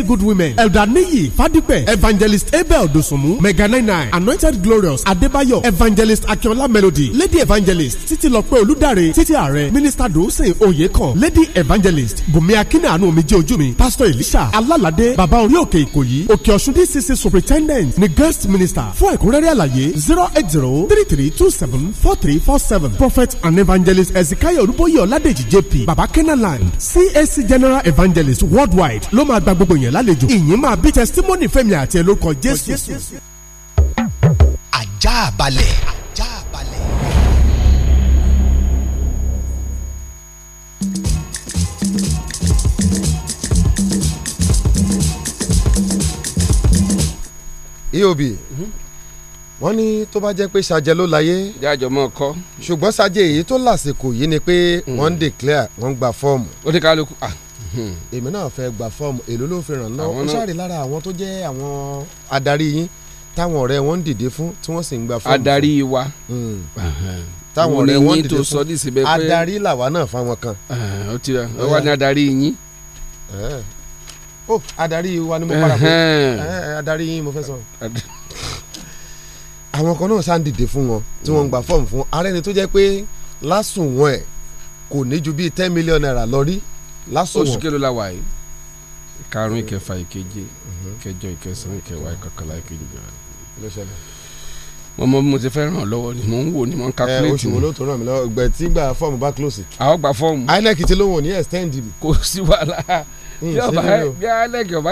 Good Women Elder Niyi Evangelist Abel Dosunmu Mega nine Anointed Glorious Adébáyọ̀ Evangelist Akínọlá Melody Lady Evangelist Títílọpẹ́ Olúdáre Títí Ààrẹ akọrin mínísítà Oye oyèkàn lady evangelist bùnmi akínàánú mi jẹ́ ojú mi pásítọ̀ elisha alálàdé bàbá orí òkè ìkòyí òkè ọ̀ṣun dcc superintendent ni guest minister fún ẹ̀kúnrẹ́rẹ́ àlàyé zero eight zero three three two seven four three four seven prophet and evangelist ezekiel olúbóyè ọ̀ládèjì jp baba kenaland cac general evangelist worldwide ló máa gba gbogbo yẹn lálejò ìyìn máa bí testimony fẹ́mi àti ẹ̀ lórúkọ jésù. ajá balẹ̀. eob wọ́n ní tó bá jẹ́ pé ṣàjẹ́ ló láyé jájọ mọ́ ọkọ ṣùgbọ́n ṣàjẹ́ èyí tó lásìkò yìí ni pé wọ́n ń hmm. declare wọ́n ń gba fọ́ọ̀mù. ó ti kálukú ah hmm. èmi náà fẹ́ gba fọ́ọ̀mù èló ló fi ràn náà ó sáré lára àwọn tó jẹ́ àwọn adarí yín táwọn ọ̀rẹ́ wọn ń dìde fún tí wọ́n sì ń gba fọ́ọ̀mù. adarí wa hmm. táwọn ọ̀rẹ́ wọn ń dìde fún adarí làwa náà fáwọn kan. ó ti wá ní adarí yín ó oh, adarí wa ni mo para pé eh, eh, adarí yín mo fẹ́ sọ. àwọn kan náà sá ń dìde fún wọn tí wọ́n ń gba fọ́ọ̀mù fún ààrẹ ni tó jẹ́ pé lásùn wọn ẹ̀ kò ní ju bíi ten million naira lọ rí lásùn wọn. oṣù kélòó la wà yìí karùn-ún ìkẹfà ìkeje ìkẹjọ ìkẹsàn-án ìkẹwàá ìkọkànlá ìkejìlá mo mọ mo ti fẹ́ ràn lọ́wọ́ ni mo ń wò ni mo ń eh, calculate ni. oṣù wo ló tó ràn mí lọ́wọ́ gbẹ̀ tí gba fọ́ọ̀mù bá close. àwọn gba fọ́ọ̀mù. inec ti lóun ò ní extend. kò Yeah, sílẹ̀ o bí alẹ́